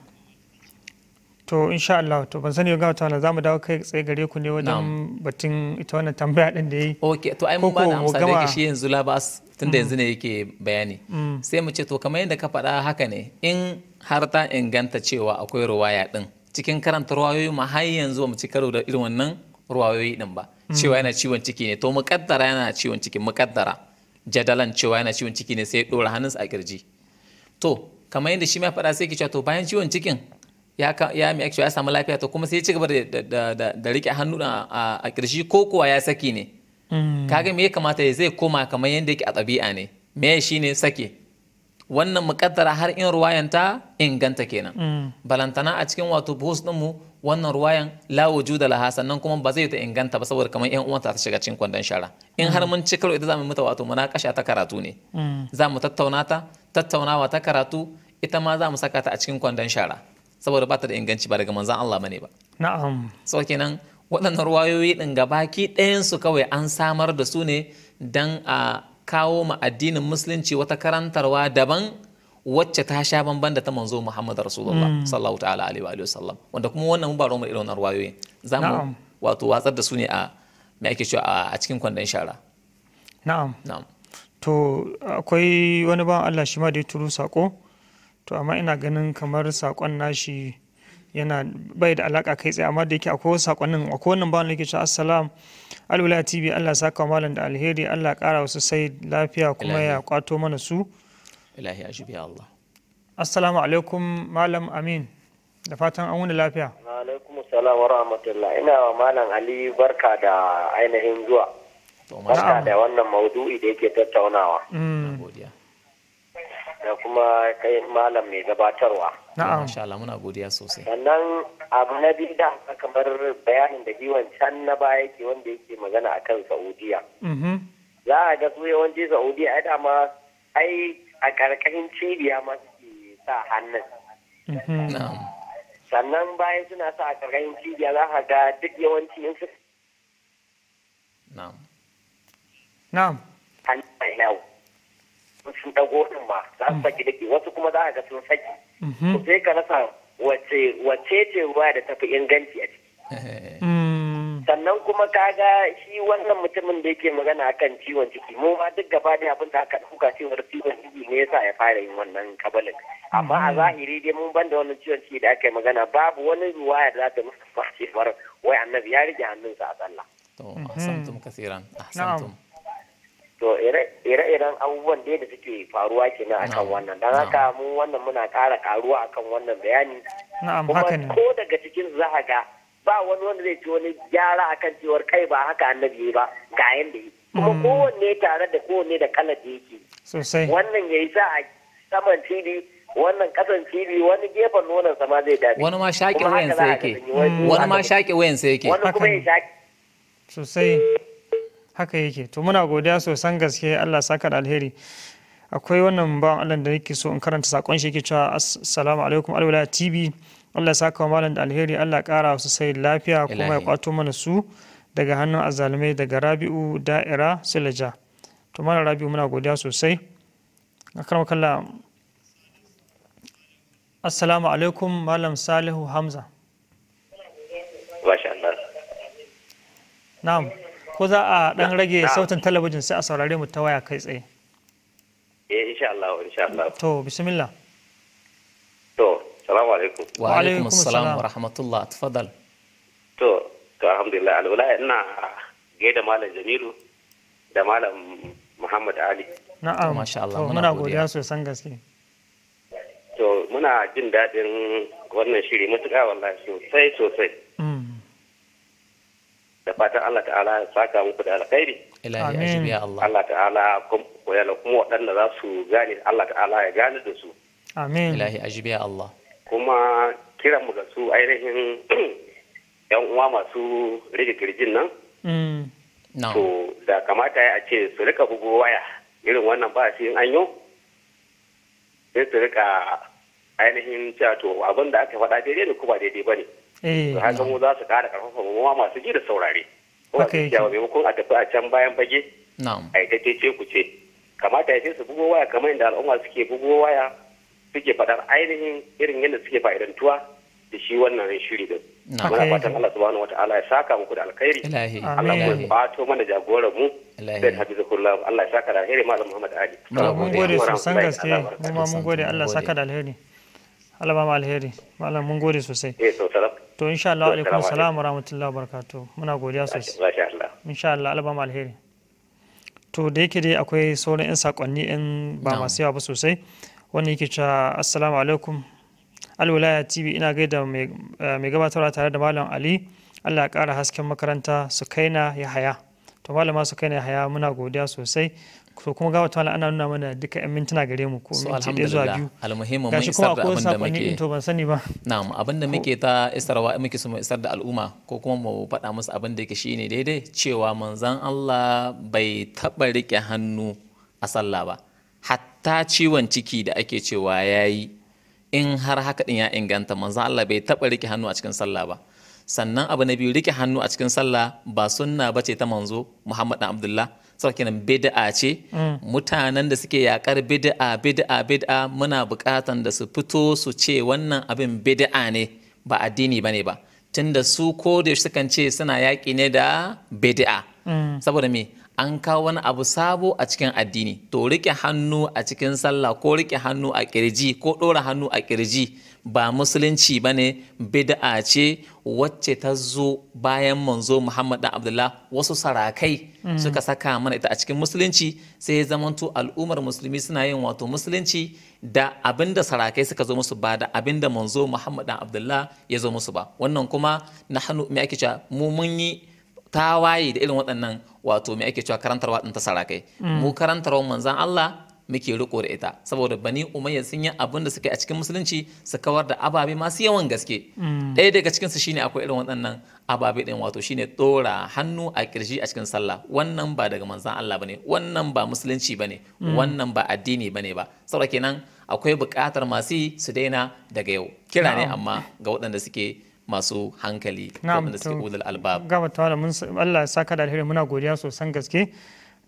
to insha Allah to ban sani ga za mu dawo kai tsaye gare ku ne wajen batun ita wannan tambaya din da yayi okay to ai mun ba da amsa da yake shi yanzu labas tunda yanzu ne mm. yake bayani mm. sai mu ce to kamar yadda ka faɗa haka ne in har ta inganta cewa akwai ruwaya din cikin karanta ruwayoyi ma har yanzu mu ci karo da irin wannan ruwayoyi din ba cewa yana ciwon ciki ne to muƙaddara yana ciwon ciki muƙaddara jadalan cewa yana ciwon ciki ne sai ya hannunsa a kirji to kamar yadda shi ma faɗa sai ki cewa to bayan ciwon cikin ya ya ya samu lafiya to kuma sai ya ci gaba da rike hannu a kirji ko kuwa ya saki ne hmm. kaga me ya kamata ya zai koma kamar yadda yake a ɗabi'a ne me shi ne sake wannan muƙaddara har in ruwayanta inganta kenan hmm. balantana a cikin wato din ɗinmu wannan ruwayan la wujuda laha sannan kuma ba zai ta inganta ba saboda kamar yan uwanta ta shiga cikin kwandon shara in har mun ci karo ita zamu mata wato munakasha ta karatu ne mm. zamu tattauna ta tattaunawa ta karatu ita ma zamu saka ta a cikin kwandon shara saboda ba ta da inganci ba daga manzon Allah bane ba na'am so kenan waɗannan ruwayoyi ɗin gabaki ɗayan su kawai an samar da su ne dan a kawo ma addinin musulunci wata karantarwa daban wacce ta sha bamban da ta manzo Muhammad Rasulullah hmm. sallallahu ta'ala alaihi wa sallam wanda kuma wannan mun ba mu irin wannan ruwayoyin zamu wato watsar da su ne a me ake cewa a cikin kwandon shara na'am na'am to akwai wani ban Allah shi ma da ya turo sako to amma ina ganin kamar sakon nashi yana bai da alaka kai tsaye amma da yake akwai sakonnin akwai wannan ban yake cewa assalam alwala tv Allah saka malam da alheri Allah kara wasu sai lafiya kuma ya kwato mana su ilahi ajibi Allah assalamu alaikum malam amin da fatan an wuni lafiya alaikum salam wa rahmatullah ina wa malam ali barka da ainihin zuwa barka da wannan maudu'i da yake tattaunawa mm. da kuma kai malam mai gabatarwa na'am Masha Allah muna godiya sosai sannan abu na biyu da kamar bayanin da biwan can na baya yake wanda yake magana akan Saudiya mm-hmm. za a ga su yawanci Saudiya ai dama ai a ƙarƙashin cibiya ma suke sa hannun mhm. sannan bayan suna sa a ƙarƙashin cibiya za ka ga duk yawanci in su na'am sun dago din ba za su saki dake wasu kuma za a ga sun saki mhm. sai ka rasa wace ce ruwa da tafi inganci a ciki mm. sannan kuma kaga shi wannan mutumin da yake magana akan ciwon ciki mu ma duk gaba da abin da aka dauka cewar ciwon ciki ne yasa ya fara yin wannan kabalin amma a mm. zahiri dai mun banda wannan ciwon ciki da aka yi magana babu wani ruwaya da za ta musu cewar wai annabi ya rike hannunsa a sallah to kasiran to ire-iren abubuwan da da suke faruwa ke kenan akan wannan don haka mu wannan muna ƙara karuwa akan wannan bayani kuma ko daga cikin za ga ba wani wanda zai ci wani gyara a kan cewar kai ba haka annabi ba ga da yi kuma hmm. kowanne tare da kowanne da kalar da yake sosai wannan yi sa a saman fili wannan kasan fili wani gefen nonon sama zai dace wani ma shaƙe wayansa yake hmm. wani ma shaƙe wayansa yake wani kuma ya shaƙe sosai haka yake to muna godiya sosan gaske Allah saka da alheri akwai wannan bawan Allah da nake so in karanta sakon shi yake cewa assalamu alaikum alwala tv Allah saka malam da alheri Allah kara wasu sai lafiya kuma ya kwato mana su daga hannun azalumai daga Rabi'u da'ira Silaja to malam Rabi'u muna godiya sosai akram kalla Assalamu alaikum malam Salihu Hamza Na'am ko za a dan rage sautin talabijin sai a saurare mu ta waya kai tsaye Eh insha Allah insha Allah to bismillah السلام عليكم وعليكم السلام, السلام ورحمة to to alhamdulillah alwala ina gaida malam Jamilu da malam Muhammad Ali na'am masha Allah muna jin daɗin wannan shiri matuƙa wallahi sosai sosai mm. da fatan Allah ta'ala ya saka muku da alkhairi ilahi ya Allah Allah kuma waɗanda za su gane Allah ta'ala ya gane da su Allah kuma kiranmu ga su ainihin yan uwa masu rage kirjin nan mm. to da kamata ya ce su rika bugo waya irin wannan ba shi yin anyo. sai su rika ainihin cewa to abin aka faɗa daidai ne kuma ba daidai ba ne eh, to haka mu za su kara karfafa uwa masu ji da saurare ko a cikin maimakon a tafi a can bayan bage. a yi ta ce ku ce kamata ya ce su bugo waya kamar yadda al'umma suke bugo waya suke faɗar ainihin irin yadda suke fa'idantuwa da shi wannan shiri din muna fatan Allah subhanahu ta'ala ya saka muku da alkhairi Allah ya bato mana jagoran mu Sayyid Habibulllah Allah ya saka da alheri Malam Muhammad Ali mun gode sosan gaske mu ma mun gode Allah ya saka da alheri Allah ba mu alheri malam mun gode sosai eh, to insha Allah wa alaikum salam wa rahmatullahi wa barakatuh muna godiya sosai insha Allah Allah ba mu alheri to da yake dai akwai sauran 'yan sakonni 'yan ba masu yawa ba sosai wanda yake cewa assalamu alaikum alwilaya tv ina gaida eh, mai gabatarwa tare da malam ali allah ya ƙara hasken makaranta su kaina ya haya to malama su kaina ya haya muna godiya sosai to kuma ga wata ana nuna mana duka yan mintuna gare mu ko minti ɗaya zuwa biyu almuhimmin mun kuma da abin da muke to ban sani ba na'am abin da muke ta isarwa muke so mu isar da al'umma ko kuma mu faɗa musu abin da yake shine daidai cewa manzon Allah bai taɓa riƙe hannu a sallah ba Ta ciwon ciki da ake cewa ya yi in har haka ɗin ya inganta manzo Allah bai taɓa rike hannu a cikin sallah ba sannan abu na biyu rike hannu a cikin sallah ba sunna ba ce ta manzo Muhammad dan Abdullah sarki nan bid'a ce mm. mutanen da suke yakar bid'a bid'a bid'a muna buƙatan da su fito su ce wannan abin bid'a ne ba addini bane ba tunda su ko da sukan ce suna yaƙi ne da bid'a mm. saboda me an kawo wani abu sabo a cikin addini to rike hannu a cikin sallah ko rike hannu a kirji ko ɗora hannu a kirji ba musulunci ba ne bid'a ce wacce ta zo bayan manzo muhammad abdullah wasu sarakai mm. suka saka mana ita a cikin musulunci sai ya zamanto al'ummar musulmi suna yin wato musulunci da abinda sarakai suka zo musu ba da abinda manzo muhammad abdullah ya zo musu ba wannan kuma na hannu me ake cewa mu mun yi tawaye da irin waɗannan wato me ake cewa karantarwa ɗin ta sarakai mm. mu karantarwa manzan Allah muke riko da ita saboda bani umayya sun yi abin da suka yi a cikin musulunci su kawar da ababe masu yawan gaske mm. ɗaya daga cikin su shine akwai irin waɗannan ababe ɗin wato shine ɗora hannu a kirji a cikin sallah wannan ba daga manzan Allah bane wannan ba musulunci bane mm. wannan ba addini bane ba saboda kenan akwai buƙatar masu su daina daga yau kira ne amma ga waɗanda suke masu hankali waɗanda suke ulul albab ga wata mun Allah ya saka da alheri muna godiya sosan gaske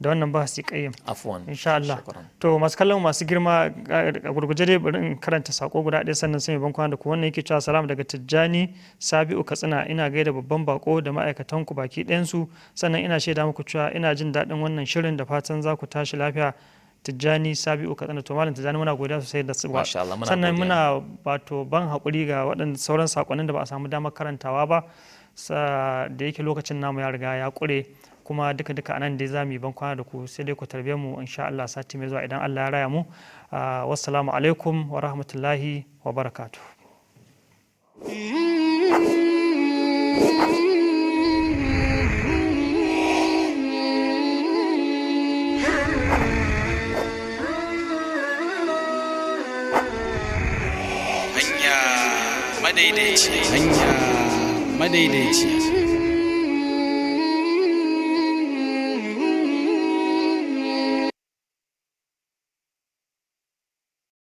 da wannan ba su kai afwan insha Allah to masu kallon masu girma a gurguje dai bari in karanta sako guda ɗaya sannan sai ban kwana da ku wannan yake cewa salamu daga Tijjani Sabiu Katsina ina gaida babban bako da ma'aikatan ku baki ɗayan sannan ina shaida muku cewa ina jin daɗin wannan shirin da fatan za ku tashi lafiya tijjani sabi'u katsina to malam tijjani muna godiya sosai da su sannan muna wato ban haƙuri ga waɗanda sauran sakonnin da ba a samu damar karantawa ba da yake lokacin namu ya riga ya ƙure kuma duka duka anan dai za mu yi ban kwana da ku sai dai ku tarbe mu insha Allah sati mai zuwa idan Allah ya raya mu ah, wassalamu alaikum wa rahmatullahi wa barakatuh mm-hmm. madaidaici hanya madaidaici